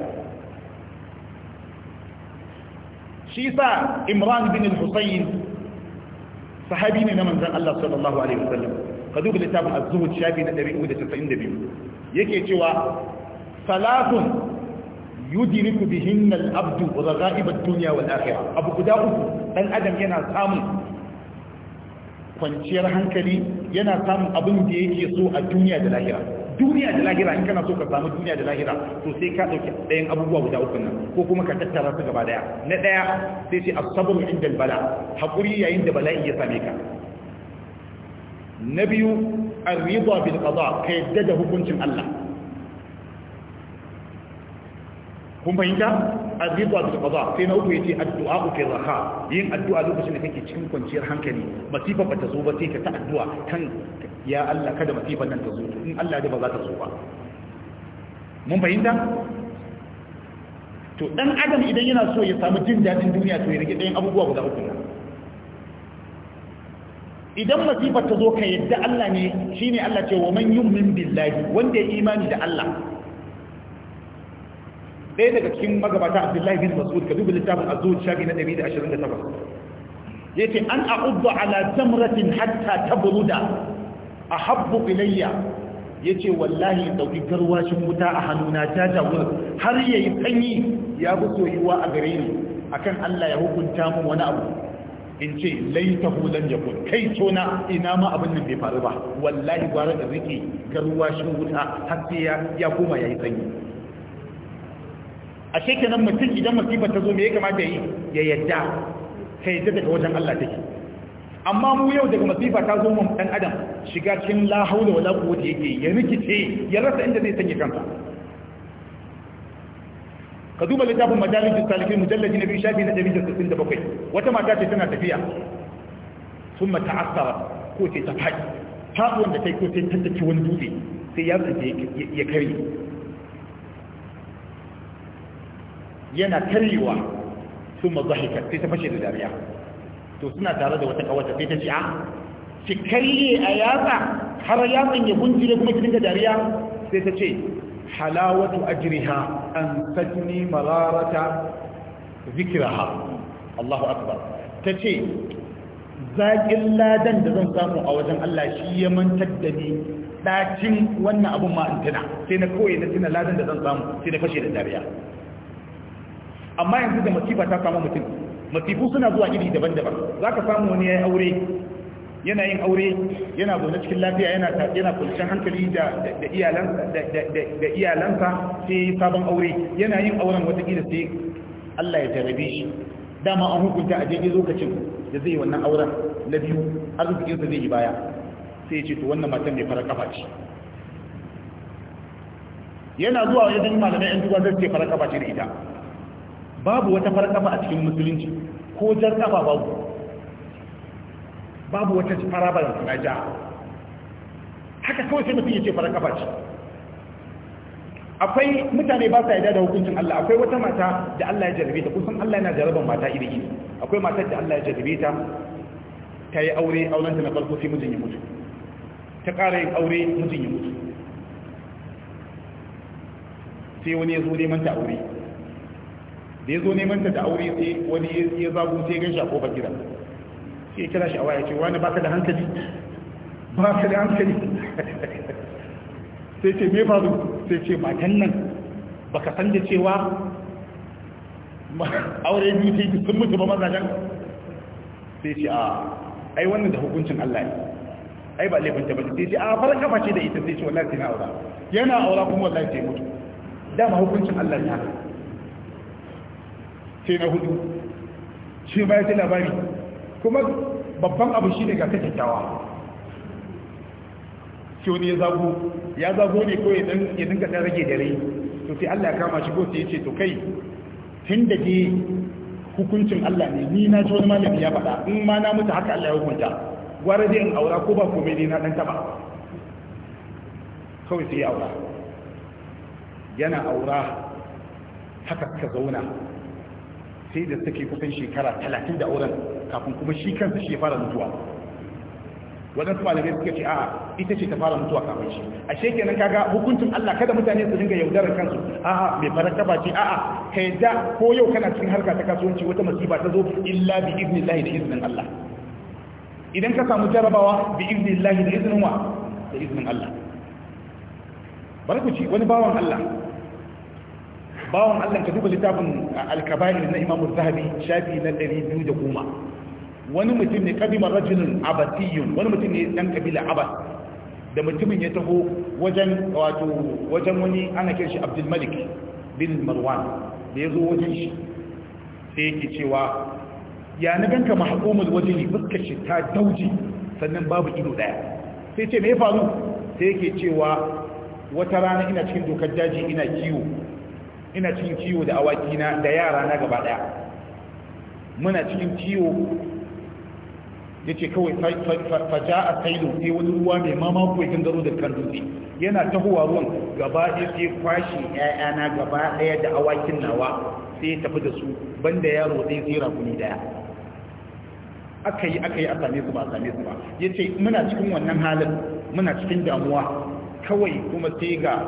shi sa Imran bin al-Husayn sahabi ne na manzon Allah sallallahu alaihi wasallam ka duba littafin az-zuhud shafi na 392 yake cewa salatun yudiriku bihin al-abdu raghaib ad-dunya wal abu guda uku ɗan adam yana samun kwanciyar hankali yana samun abin da yake so a duniya da lahira duniya da lahira in kana so ka samu duniya da lahira to sai ka ɗauki ɗayan abubuwa guda uku nan ko kuma ka tattara su gaba daya na ɗaya sai ce as inda bala hakuri yayin da bala'i ya same ka na biyu arriba bil qada ka yadda da hukuncin Allah kun fahimta arriba bil qada sai na uku yace addu'a fi raha yin addu'a lokacin da kake cikin kwanciyar hankali masifa ba ta zo ba sai ka ta addu'a kan ya Allah kada masifan nan ta zo in Allah ya ba za ta zo ba mun fahimta to dan adam idan yana so ya samu jin dadin duniya to ya rike ɗayan abubuwa guda uku nan idan masifar ta zo ka yadda Allah ne shine Allah ce wa man yu'min billahi wanda ya imani da Allah ɗaya daga cikin magabata Abdullahi bin Mas'ud ka duba littafin Az-Zuhd shafi na 128 yace an a'uddu ala tamratin hatta tabruda ahabbu ilayya yace wallahi dauki garwashin wuta a hannuna ta jagora har yayi sanyi ya fi soyuwa a gare ni akan Allah ya hukunta mu wani abu in ce laita hulan ya kun kai tona ina ma abin nan bai faru ba wallahi gwara da ga ruwa shi wuta har sai ya koma ya yi sanyi a shekinan mutum idan masifar ta zo me ya kamata yi ya yadda ka yadda daga wajen Allah take amma mu yau daga masifa ta zo mun dan adam shiga cikin la da wala quwwata yake ya rikice ya rasa inda zai sanya kansa ka duba littafin majalisun salikin mujallaji na biyu shafi na ɗari da sittin da bakwai wata mata ce tana tafiya sun mata asara ko ce ta faɗi faɗuwan da ta yi ko sai ta tafi wani dutse sai ya tsaye ya karye yana karyewa sun mazahika sai ta fashe da dariya to suna tare da wata kawata sai ta ce a ah, ki karye a yatsa har yatsan ya gunji da kuma ki dinga dariya sai ta ce halawatu ajriha An ansatni mararata zikraha Allahu akbar tace zaƙin ladan da zan samu a wajen Allah shi ya mantar da ni ɗacin wannan abin ma'antina sai na kawai na tuna ladan da zan samu sai na fashe da dariya amma yanzu da masifa ta samu mutum masifu suna zuwa iri daban-daban za ka samu wani ya yi aure yana yin aure yana zaune cikin lafiya yana yana kulcin hankali da da iyalan da iyalansa sai sabon aure yana yin auren gida sai Allah ya jarabe shi dama an hukunta a jirgin lokacin da zai wannan auren na biyu arzikinsa zai yi baya sai ya ce to wannan matan mai fara kafa ce yana zuwa wajen malamai yan duba zai ce fara kafa ce da ita babu wata fara kafa a cikin musulunci ko jar kafa babu babu wata farabar na ja haka kawai sai mutum ya ce fara kafa ce akwai mutane ba sa yada da hukuncin Allah akwai wata mata da Allah ya jarrabe ta kusan Allah yana jarraban mata iri iri akwai mata da Allah ya jarrabe ta ta yi aure auren ta na farko sai mijin ya mutu ta ƙara yin aure mijin ya mutu sai wani ya zo neman ta aure da ya zo neman ta da aure sai wani ya zagu sai gan shi a kofar gidan ya kira shi a waya ce wani baka da hankali baka da hankali sai ce me faru sai ce matan nan baka san da cewa aure biyu ta yi sun mutu ba mazajen sai ce a ai wannan da hukuncin Allah ne ai ba laifin tabbata sai ce a farin kafa ce da ita sai ce wallahi sai na aura yana aura kuma wallahi sai mutu dama hukuncin Allah ne haka sai na hudu shi bayan ya labari kuma babban abu shi ne ga ta kyakkyawa shi ya zago ya zago ne ko ya dinga ta rage dare to sai Allah ya kama shi ko sai ya ce to kai tun da ke hukuncin Allah ne ni na ji wani malami ya faɗa in ma na mutu haka Allah ya hukunta gwara zai in aura ko ba komai ne na ɗan taɓa kawai sai ya aura yana aura haka ka zauna sai da suke kusan shekara talatin da auren kafin kuma shi kansa shi ya fara mutuwa wadansu malamai suka ce a ita ce ta fara mutuwa kafin shi a shekenan kaga hukuncin Allah kada mutane su dinga yaudarar kansu a mai faraka ba ce a'a ka da ko yau kana cikin harka ta kasuwanci wata masiba ta zo illa bi da iznin Allah idan ka samu jarabawa bi iznillahi da iznin wa da iznin Allah barkuci wani bawan Allah Bawan Allah ka duba littafin al na Imam zahabi shafi na goma. wani mutum ne kabima rajulun abatiyun wani mutum ne dan kabila abat da mutumin ya taho wajen wato wajen wani ana kiran shi Abdul bin Marwan da zo wajen shi sai yake cewa ya na ganka mahkumul wajhi fuskar shi ta dauji sannan babu ido daya sai ce me ya faru sai yake cewa wata rana ina cikin dokar daji ina kiwo ina cikin ciwo da awakina da yara na gaba daya muna cikin ciwo ya ce kawai faja a tailu sai wani ruwa mai mama ya garo da kan dutse yana tahowa ruwan gaba ɗaya sai kwashe ‘ya'yana gaba ɗaya da awakin nawa sai ya tafi da su banda yaro ɗaya sai rakuni daya aka yi aka yi a same su ba a same su ba ya ce muna cikin wannan halin muna cikin damuwa kawai kuma sai ga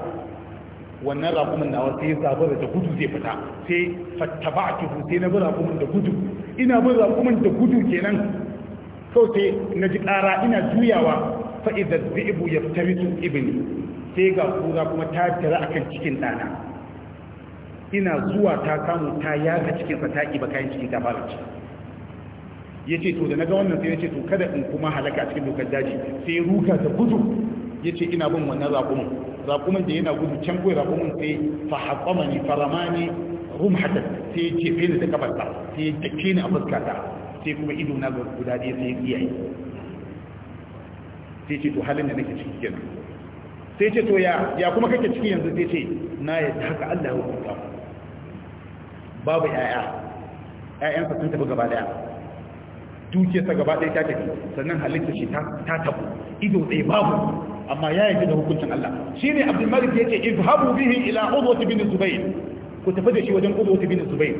wannan rakumin nawa sai ya saba da gudu zai fita sai fattaba'tuhu sai na bi rakumin da gudu ina bin rakumin da gudu kenan kawai sai na ji ƙara ina juyawa fa'idar fa idza dhi'bu yaftarisu ibni sai ga kura kuma ta a akan cikin ɗana. ina zuwa ta samu ta yaga cikin sa ta kayan cikin ta fara ci ce to da na ga wannan sai ya ce to kada in kuma halaka cikin dokar daji sai ruka da gudu ya ce ina bin wannan raƙumin raƙumin da yana gudu can kawai raƙumin sai fa haƙama ne farama ne rum haɗar sai ya ce fene da kafarta sai ya jake ni a fuskata sai kuma ido na guda ɗaya sai ya iyaye sai ce to halin da nake ciki kenan sai ce to ya ya kuma kake ciki yanzu sai ce na yadda haka Allah ya hukunta babu ƴaƴa ƴaƴansa sun tafi gaba daya dukiyarsa gaba ɗaya ta tafi sannan halitta shi ta tabu ido ɗaya babu amma ya yi da hukuncin Allah shi ne abdul malik ya ce izhabu bihi ila udwat bin zubayr ku tafi da shi wajen udwat bin zubayr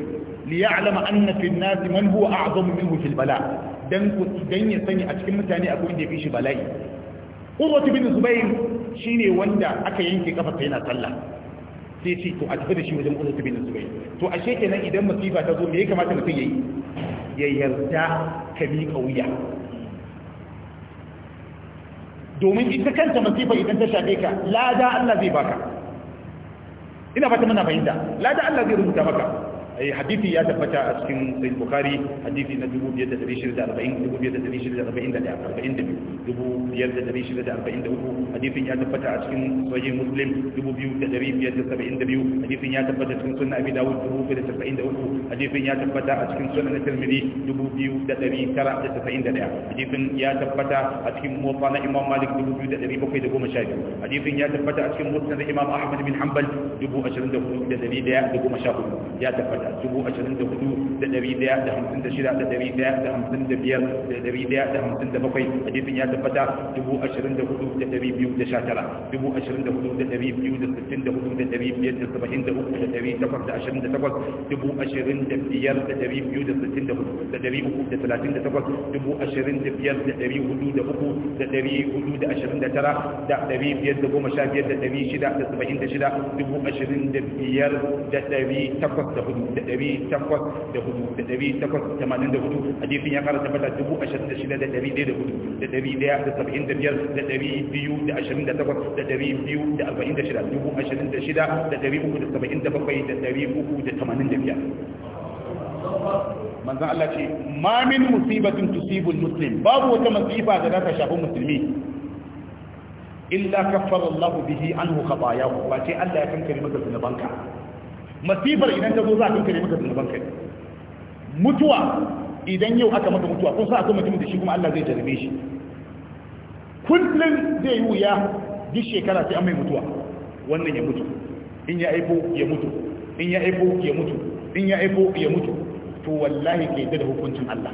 li ya'lama anna fi an-nas man huwa a'zamu minhu fil bala Don ku dan ya sani a cikin mutane akwai wanda ya fi shi bala'i udwat bin shi ne wanda aka yanke kafarsa yana sallah sai ce to a tafi da shi wajen ta bin zubayr to ashe kenan idan masifa ta zo me ya kamata mutum yi? ya yarda ka miƙa wuya domin ita kanta masifa idan ta shafe ka lada Allah zai baka ina fata muna fahimta lada Allah zai rubuta maka ai eh, hadisi ya tabbata a cikin sahih bukhari hadisi na 2640 2642 hadisin ya tabbata a cikin sahih muslim 2572 hadisin ya tabbata cikin sunan abi dawud 2573 hadisin ya tabbata a cikin sunan tirmidhi 2991 hadisin ya tabbata a cikin muwatta na imam malik 2712 hadisin ya tabbata a cikin musnad imam ahmad bin hanbal 24114 ya tabbata dubu ashirin da hudu da ɗari ɗaya da hamsin da shida da ɗari ɗaya da hamsin da biyar da ɗari ɗaya da hamsin da bakwai hadisin ya tabbata dubu ashirin da hudu da ɗari biyu da sha tara dubu ashirin da hudu da ɗari biyu da sittin da hudu da ɗari biyar da saba'in da uku da ɗari takwas da ashirin da takwas dubu ashirin da biyar da ɗari biyu da sittin da hudu da ɗari uku da talatin da takwas dubu ashirin da biyar da ɗari hudu da uku da ɗari hudu da ashirin da tara da ɗari biyar da goma sha biyar da ɗari shida da saba'in da shida dubu ashirin da biyar da ɗari takwas da hudu da ɗari takwas da hudu da ɗari takwas da tamanin da hudu hadisin ya kara tabbata dubu ashirin da shida da ɗari ɗaya da hudu da ɗari ɗaya da saba'in da biyar da ɗari biyu da ashirin da takwas da ɗari biyu da arba'in da shida dubu ashirin da shida da ɗari uku da saba'in da bakwai da ɗari uku da tamanin da biyar manzan Allah ce ma min musibatin tusibul muslim babu wata masifa da za ta shafi musulmi illa kaffara Allah bihi anhu khatayahu wace Allah ya kankare maka zunubanka masifar idan ta zo za a kankare maka zunuban kai mutuwa idan yau aka maka mutuwa kun sa akwai mutum da shi kuma Allah zai jarabe shi kullum zai yi wuya duk shekara sai an mai mutuwa wannan ya mutu in ya aiko ya mutu in ya aiko ya mutu in ya aiko ya mutu to wallahi ke da hukuncin Allah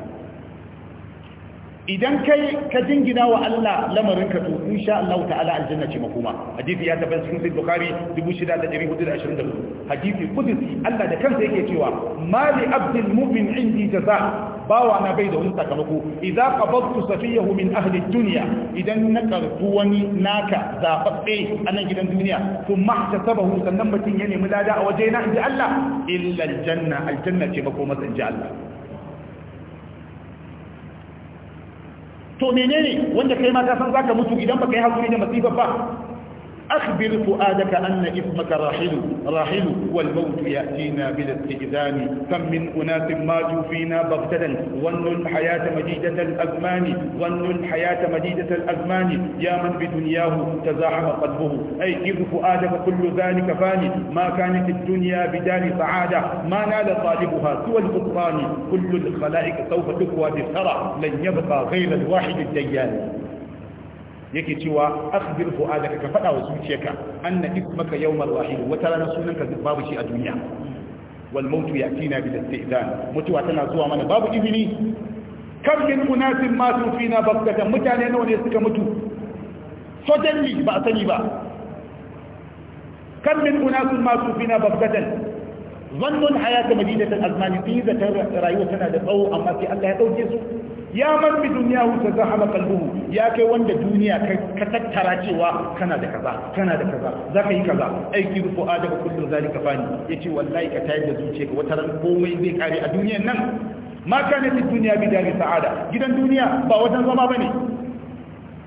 idan kai ka jingina wa Allah lamarin ka to insha Allah ta'ala aljanna ce makoma hadisi ya tabbata cikin sahih bukhari 6424 hadisi qudsi Allah da kansa yake cewa mali abdul mu'min indi jaza bawa na bai da wani sakamako idza qabadtu safiyahu min ahli dunya idan na karbu wani naka zababbe a nan gidan duniya to mahtasabahu sannan mutun ya nemi lada a waje na inji Allah illa aljanna aljanna ce makoma sanji Allah to menene wanda kai ma ka san zaka mutu idan baka yi hakuri da masifa ba أخبر فؤادك أن إثمك راحل راحل والموت يأتينا بلا استئذان كم من أناس ماتوا فينا بغتة ظنوا الحياة مجيدة الأزمان ظنوا الحياة مجيدة الأزمان يا من بدنياه تزاحم قلبه أي كيف فؤادك كل ذلك فاني ما كانت الدنيا بدار سعادة ما نال طالبها سوى البطران كل الخلائق سوف تكوى بالثرى لن يبقى غير الواحد الديان yake cewa akhbir fu'adaka ka fada wa zuciyarka anna ismaka yawmal wahid wata rana sunanka babu shi a duniya wal maut yatina bil istidan mutuwa tana zuwa mana babu izini kam min unasin tu fina baktatan mutane nawa ne suka mutu suddenly ba sani ba kam min unasin tu fina baktatan zannun hayata madinatan azmani fi zatar rayuwa tana da tsawo amma sai Allah ya dauke su ya man bi duniya wuta zahama qalbuhu ya kai wanda duniya ka tattara cewa kana da kaza kana da kaza zaka yi kaza aiki rufu adaba kullu zalika fani yace wallahi ka tayar da zuciyarka wata ran komai zai kare a duniyar nan ma kana fi duniya bi dari sa'ada gidan duniya ba wajen zama bane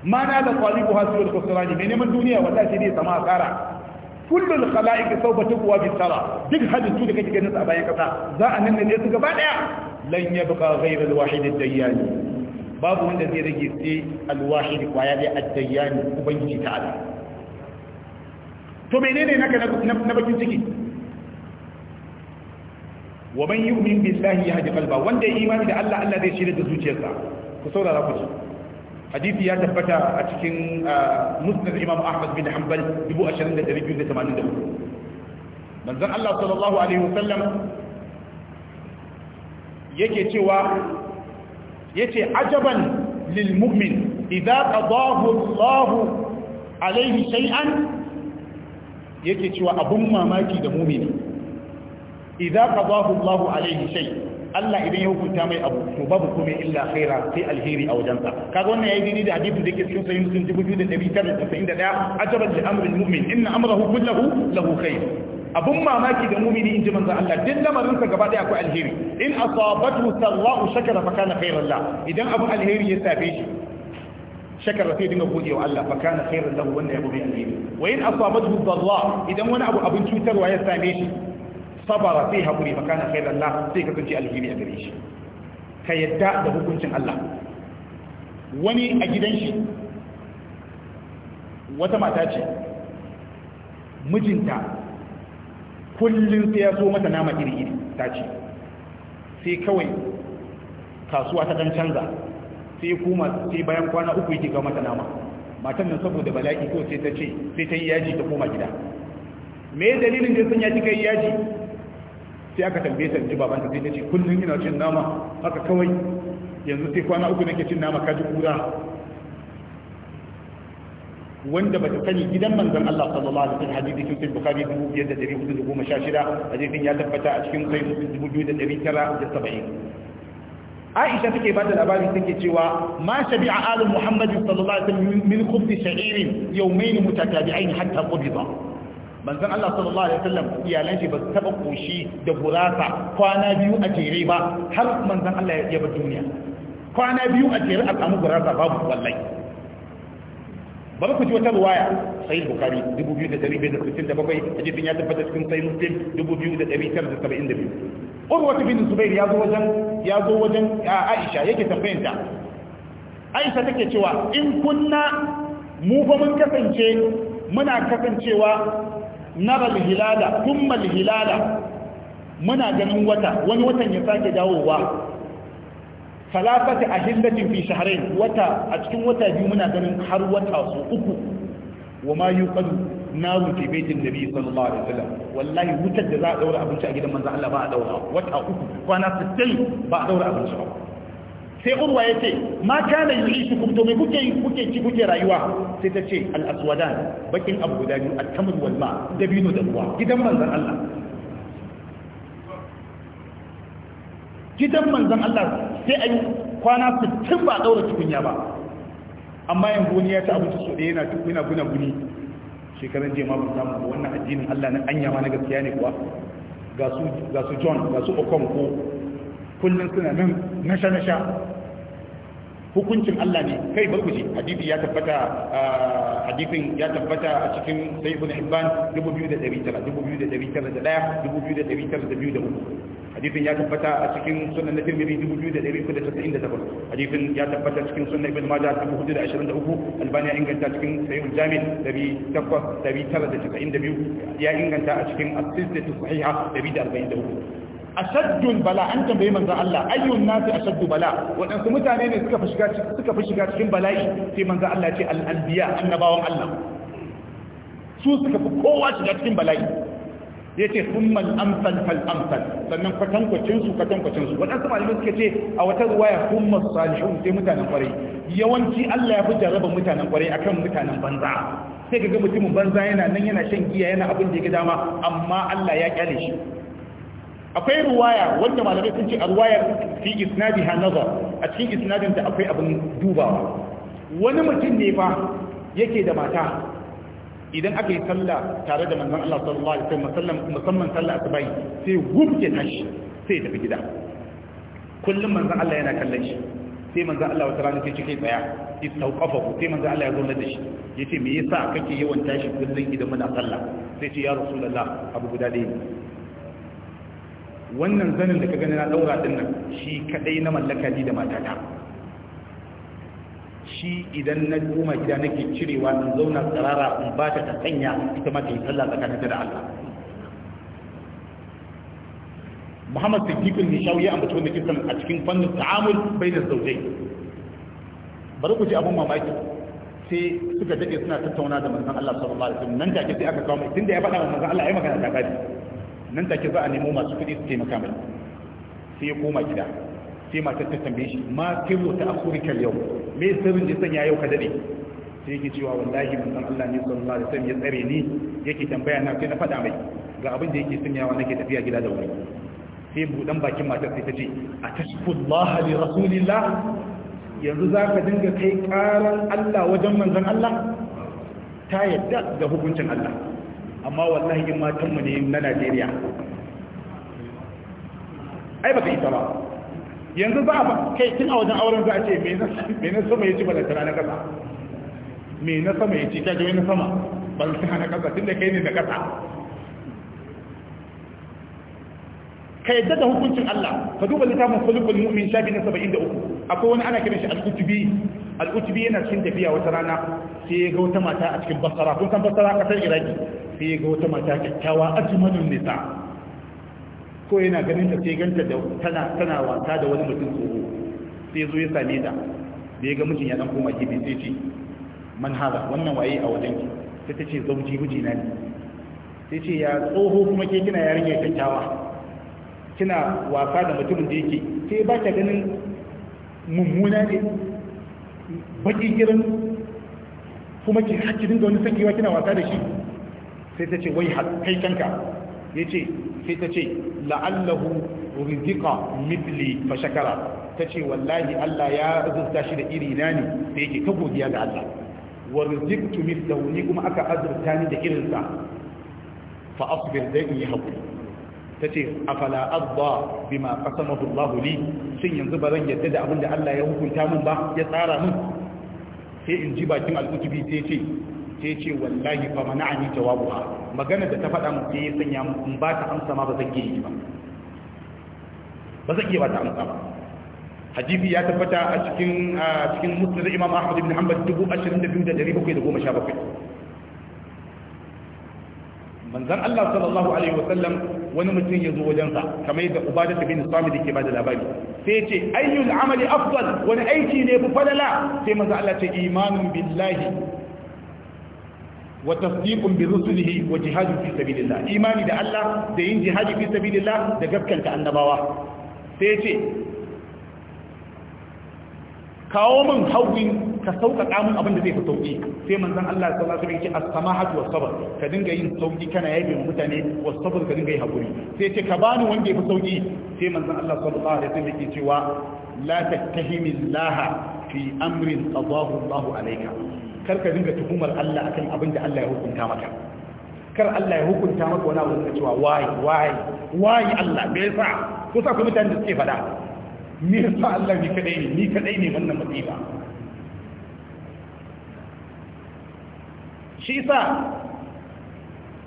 ma na da qalibu hasirul khusrani ne neman duniya wallahi sai dai sama a tsara? kullul khalaiq sawfa tuqwa bi sara duk halittu da kake ganin a bayan kasa za a nan ne su gaba daya lan yabqa ghayra alwahid ad-dayyan babu wanda zai rage sai alwahid kwaya dai ad-dayyan ubangiji ta'ala to menene naka na bakin ciki wa man yu'min billahi yahdi qalba wanda imani da Allah Allah zai shirya da zuciyarsa ku saurara ku ci. hadisi ya tabbata a cikin musnad imam ahmad bin hanbal 20284 manzon Allah sallallahu alaihi wasallam yake cewa yace ajaban lil mu'min idza qadahu Allah alaihi shay'an yake cewa abun mamaki da mu'mini idza qadahu Allah alaihi shay'an Allah idan ya hukunta mai abu to babu komai illa khaira sai alheri a wajensa kaga wannan yayi dini da hadisin da yake cikin sahih muslim 2991 ajaban li amril mu'min inna amrahu kullahu lahu khair abun mamaki da mumini in ji manzo Allah din lamarin sa gaba daya akwai alheri in asabatu sallahu shakara fa kana khairan la idan abu alheri ya sabe shi shakara sai dinga gode wa Allah fa kana khairan lahu wannan yabo mai alheri wa in asabatu dharra idan wani abu abin cutarwa ya same shi sabara sai hakuri makana kai Allah sai kasance alheri a gare shi ka yadda da hukuncin Allah wani a gidan shi wata mata ce mijinta kullum sai ya so mata nama iri-iri ta ce sai kawai kasuwa ta dan canza sai kuma sai bayan kwana uku yake ga mata nama matan nan saboda bala'i ko sai ta ce sai ta yi yaji ta koma gida me dalilin da sun yaji kai yaji sai aka tambaye ta ji baban ta sai ta ce kullum ina cin nama haka kawai yanzu sai kwana uku nake cin nama kaji kura wanda bata sani gidan manzon Allah sallallahu alaihi wasallam hadisi cikin Bukhari 2416 hadisin ya tabbata a cikin sai 2970 aisha take bada labari take cewa ma shabi'a alu muhammadin sallallahu alaihi wasallam min khubz sha'irin yawmayn mutatabi'ain hatta qubida manzon Allah sallallahu alaihi wasallam iyalan shi ba su taba koshi da gurasa kwana biyu a jere ba har manzon Allah ya bar duniya kwana biyu a jere a samu gurasa babu wallahi bari ku ji wata ruwaya sahih bukhari 2567 hadisin ya tabbata cikin sahih muslim 2972 urwatu bin zubair ya zo wajen ya zo wajen a aisha yake tambayanta aisha take cewa in kunna mu fa mun kasance muna kasancewa naral hilala thumma hilala muna ganin wata wani watan ya sake dawowa falafati ahillatin fi shahrain wata a cikin wata biyu muna ganin har wata su uku wa ma yuqadu naru fi baitin nabi sallallahu alaihi wasallam wallahi wutar da za a daura abinci a gidan manzo Allah ba a daura wata uku kwana 60 ba a daura abinci ba sai urwa ya ce ma kana yi shi kumto mai kuke kuke ci kuke rayuwa sai ta ce al-aswadan bakin abu guda biyu al-tamr ma dabino da ruwa gidan manzan Allah gidan manzon Allah sai ayi kwana 60 ba daura tukunya ba amma yanzu wani ya ci abinci so da yana tukuna guna guni shekaran jema ban samu wannan addinin Allah na anya ma na gaskiya ne kuwa ga su John ga su Okonkwo kullum suna nan nasha-nasha hukuncin Allah ne kai barkuci hadisi ya tabbata hadisin ya tabbata a cikin sai ibn Hibban 2900 2901 hadisin ya tabbata a cikin sunan na Tirmidhi 2398 hadisin ya tabbata cikin sunan Ibn Majah 423 Albani ya inganta cikin sai Jami' 892 ya inganta a cikin As-Silsilah Sahiha 143 ashaddul bala an tambaye manzo Allah ayyun nasi ashaddu bala wadansu mutane ne suka fi shiga suka fi shiga cikin bala'i sai manzo Allah ce al anbiya annabawan Allah su suka fi kowa shiga cikin bala'i yace thumma al amsal fal amsal sannan kwatankwacin su kwatankwacin su wadansu malamai suka ce a wata ruwaya thumma salihun sai mutanen kwarai yawanci Allah ya fi jarraba mutanen kwarai akan mutanen banza sai ka ga mutumin banza yana nan yana shan giya yana abin da ya ga dama amma Allah ya kyale shi akwai ruwaya wanda malamai sun ce a ruwayar fi isnadiha nazar a cikin isnadin da akwai abin dubawa wani mutum ne fa yake da mata idan aka yi sallah tare da manzan Allah sallallahu alaihi wasallam musamman sallah asubai sai gubje tashi sai tafi gida kullum manzan Allah yana kallon shi sai manzan Allah wata rana sai cike tsaya istauqafa sai manzan Allah ya zo da shi yace me yasa kake yawan tashi kullum idan muna sallah sai ce ya rasulullah abu guda dai wannan zanin da ka gani na daura din nan shi kadai na mallaka ni da matata shi idan na koma gida nake cirewa in zauna tsarara in ba ta ta sanya ita ma ta yi sallah tsakaninta da Allah Muhammad Siddiq al-Nishawi ya ambaci wannan kisan a cikin fannin ta'amul bainar zaujai bari ku ji abun mamaki sai suka dade suna tattauna da manzon Allah sallallahu alaihi wasallam nan take sai aka kawo mai tunda ya faɗa wa manzon Allah ai magana ta gadi nan take za a nemo masu kuɗi su taimaka mai sai ya koma gida sai matar ta tambaye shi ma kirlo ta akurika yau me sirrin da sanya yau ka dade sai yake cewa wallahi mun san Allah ne sallallahu alaihi wasallam ya tsare ni yake tambaya na kai na faɗa mai ga abin da yake sanyawa nake tafiya gida da wuri sai budan bakin matar sai ta ce atashkullah li rasulillah yanzu za ka dinga kai karan Allah wajen manzon Allah ta yadda da hukuncin Allah amma wallahi in matanmu ne na najeriya ai ba ka isa ba yanzu za a ba kai tun a wajen auren za a ce me na sama ya ci balantana na kasa me na sama ya ci kaji na sama balantana na kasa tun da kai ne na kasa ka yadda da hukuncin Allah ka duba littafin sulukul mu'min shafi na 73 akwai wani ana kiran shi al-kutubi al'utubi yana cikin tafiya wata rana sai ya ga wata mata a cikin basara kun san basara kasar iraki sai ya ga wata mata kyakkyawa ajmalun nisa ko yana ganin ta sai ganta da tana tana wasa da wani mutum tsoro sai zo ya same ta da ya ga mijin ya dan koma gibi sai ce man haza wannan waye a wajen ki sai ta ce zauji miji na ne sai ce ya tsoho kuma ke kina yarinya kyakkyawa kina wasa da mutumin da yake sai ba ta ganin mummuna ne baki girin kuma ki hakkinin dinga wani sakewa kina wasa da shi sai ta ce wai haikanka. Ya ce sai ta ce la'allahu rizqa mitli fa shakara ta ce wallahi Allah ya azurta shi da iri na ne da yake ta godiya ga Allah wa rizqtu mitla ni kuma aka azurta ni da irin sa fa asbir dai in yi hakuri tace afala abba bima qasamahu Allah li shin yanzu ba zan yadda da abin da Allah ya hukunta min ba ya tsara min sai in ji bakin al'utubi sai ce sai ce wallahi fa jawabu ha? magana da ta faɗa mun ya sanya mun in ba ta amsa ma ba zan iya ba ba zan iya ba ta amsa ba hadisi ya tabbata a cikin cikin musnad Imam Ahmad ibn Hanbal bakwai. manzon Allah sallallahu alaihi wa sallam wani mutum ya zo wajensa kamar yadda ubadatu bin samid yake bada labari sai ya ce ayyul amali afdal wani aiki ne fi fadala sai manzon Allah ce imanun billahi wa tasdiqun bi rusulihi wa jihadu fi sabilillah imani da Allah da yin jihadi fi sabilillah da gaskanta annabawa sai ya ce kawo min hawin ka sauƙaƙa mun abin da zai fi sauƙi sai manzon Allah sallallahu alaihi wasallam ya ce as-samahatu was-sabr ka dinga yin sauƙi kana yabe wa mutane was-sabr ka dinga yi hakuri sai ce ka bani wanda ya fi sauƙi sai manzon Allah sallallahu alaihi wasallam yake cewa la laha fi amrin qadahu Allah alaika. kar ka dinga tuhumar Allah akan abin da Allah ya hukunta maka kar Allah ya hukunta maka wani abu da cewa wai wai wai Allah me yasa ko sa ku mutane da suke fada me yasa Allah ni kadai ne ni kadai ne wannan musiba shi isa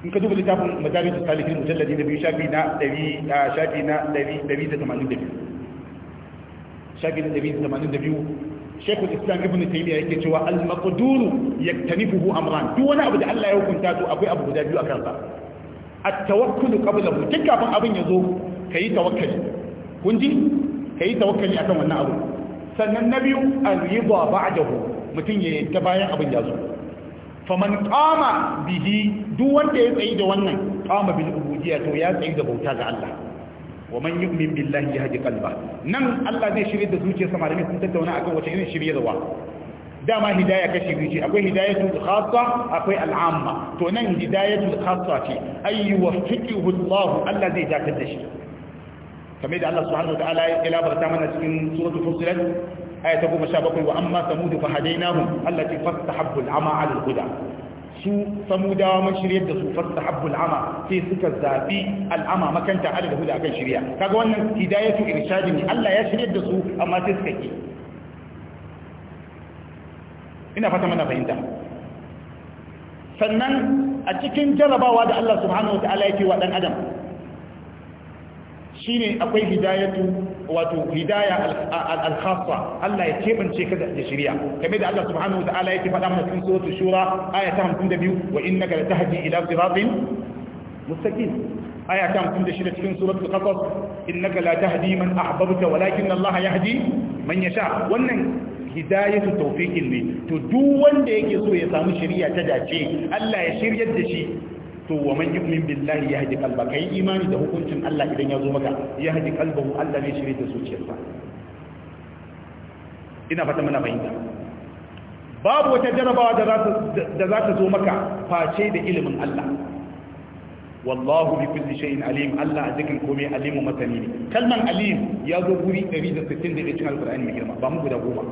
in ka duba littafin majalis salihin mujalladi na biyu shafi na ɗari da tamanin da biyu shafi na ɗari da tamanin da shekul islam ibn taymiya yake cewa al maqduru yaktanifuhu amran duk wani abu da Allah ya hukunta to akwai abu guda biyu a kansa at tawakkulu qabla hu tun kafin abin ya zo kayi tawakkali kun ji kayi tawakkali akan wannan abu sannan na biyu al yidha ba'dahu mutun ya ta bayan abin ya zo faman kama bihi duk wanda ya tsayi da wannan qama bil ubudiyya to ya tsayi da bauta ga Allah wa man yu'min billahi yahdi qalba nan Allah zai shirye da zuciyarsa malamin sun tattauna akan wace irin shiryarwa dama hidaya kashi biyu ce akwai hidayatul khassa akwai al'amma to nan hidayatul khassa ce ayyu waffiqihu Allah Allah zai dakatar da shi kamar da Allah subhanahu wa ta'ala ya labarta mana cikin suratul fussilat aya ta goma sha bakwai wa amma samudu fa hadainahum allati fastahabbu al'ama 'ala al-huda su samudawa mun shiryar da su fastahabbu al'ama sai suka zabi al'ama makanta 'ala al-huda akan shiriya kaga wannan hidayatu irshadin Allah ya shiryar da su amma sai suka ki ina fata mana fahimta sannan a cikin jarabawa da Allah subhanahu wa ta'ala yake wa dan adam shine akwai hidayatu wato hidaya al-khassa Allah ya kebance ka da shiriya kamar da Allah subhanahu wa ta'ala yake faɗa mana cikin suratul shura aya ta 52 wa innaka latahdi ila siratin mustaqim aya ta 56 cikin suratul qasas innaka la tahdi man ahbabta walakin Allah yahdi man yasha wannan hidayatu tawfiqin ne to duk wanda yake so ya samu shiriya ta dace Allah ya shiryar da shi to wa man yu'min billahi yahdi qalba kai imani da hukuncin Allah idan ya zo maka yahdi qalbahu Allah ne shirye da zuciyarsa ina fata muna fahimta babu wata jarabawa da za ta da za ta zo maka face da ilimin Allah wallahu bi kulli shay'in alim Allah a cikin komai alimu masani ne kalman alim ya zo guri 161 cikin alqur'ani mai girma ba mu guda goma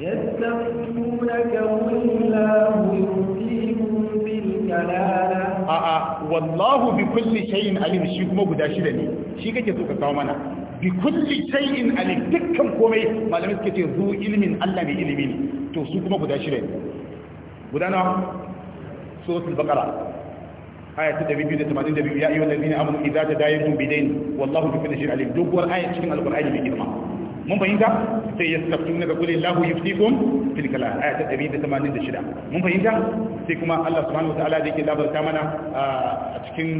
يستفتونك قل الله يؤتيكم في الكلالة a'a wallahu bi kulli shay'in alim shi kuma guda shida ne shi kake so ka kawo mana bi kulli shay'in alim dukkan komai malamai suke ce zu ilmin Allah ne ilimi ne to su kuma guda shida ne guda na suratul baqara aya ta 282 ya ayyuhal ladina amanu idza tadayantum bidayn wallahu bi kulli shay'in alim duk war aya cikin alqur'ani mai girma mun fahimta sai ya tsaftu daga kulli lahu yuftikum fil kalam aya ta 186 mun fahimta sai kuma Allah subhanahu wataala da yake labarta mana a cikin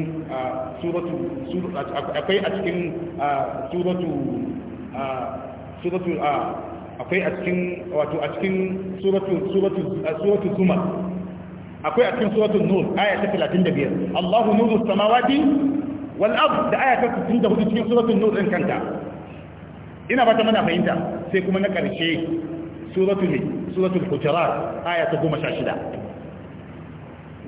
suratu akwai a cikin suratu suratu akwai a cikin wato a cikin suratu suratu suratu zumar akwai a cikin suratul nur aya ta 35 Allahu nuru samawati wal ard da aya ta 64 cikin suratul nur din kanta ina ba ta mana fahimta sai kuma na ƙarshe suratul hujurat aya ta goma sha shida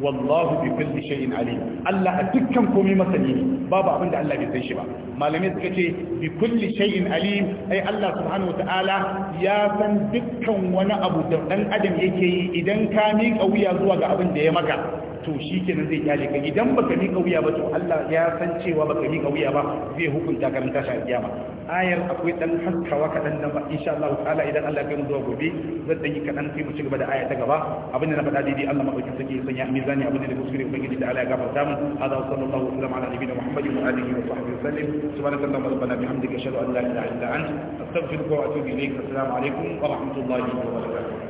wallahu bi kulli shay'in alim Allah a dukkan komai masani ne babu abin da Allah bai san shi ba malamai suka ce bi kulli shay'in alim ai Allah subhanahu wataala ya san dukkan wani abu da dan adam yake yi idan ka miƙa wuya zuwa ga abin da ya maka to shi kenan zai kyale ka idan baka mika wuya ba to Allah ya san cewa baka mika wuya ba zai hukunta ka ran tashi kiyama ayar akwai dan haskawa kadan nan ba insha Allah ta'ala idan Allah ya mu zuwa gobe zan dan yi kadan sai mu ci gaba da aya ta gaba abin da na faɗa daidai Allah madaukakin sarki ya sanya mizani abin da kuskure ubangiji da Allah ya gafarta mu hada wa sallallahu alaihi wa sallam ala nabiyina muhammadin wa alihi wa sahbihi sallam subhanaka allahumma rabbana bihamdika ashhadu an la ilaha illa anta astaghfiruka wa atubu ilayk assalamu alaikum wa rahmatullahi wa barakatuh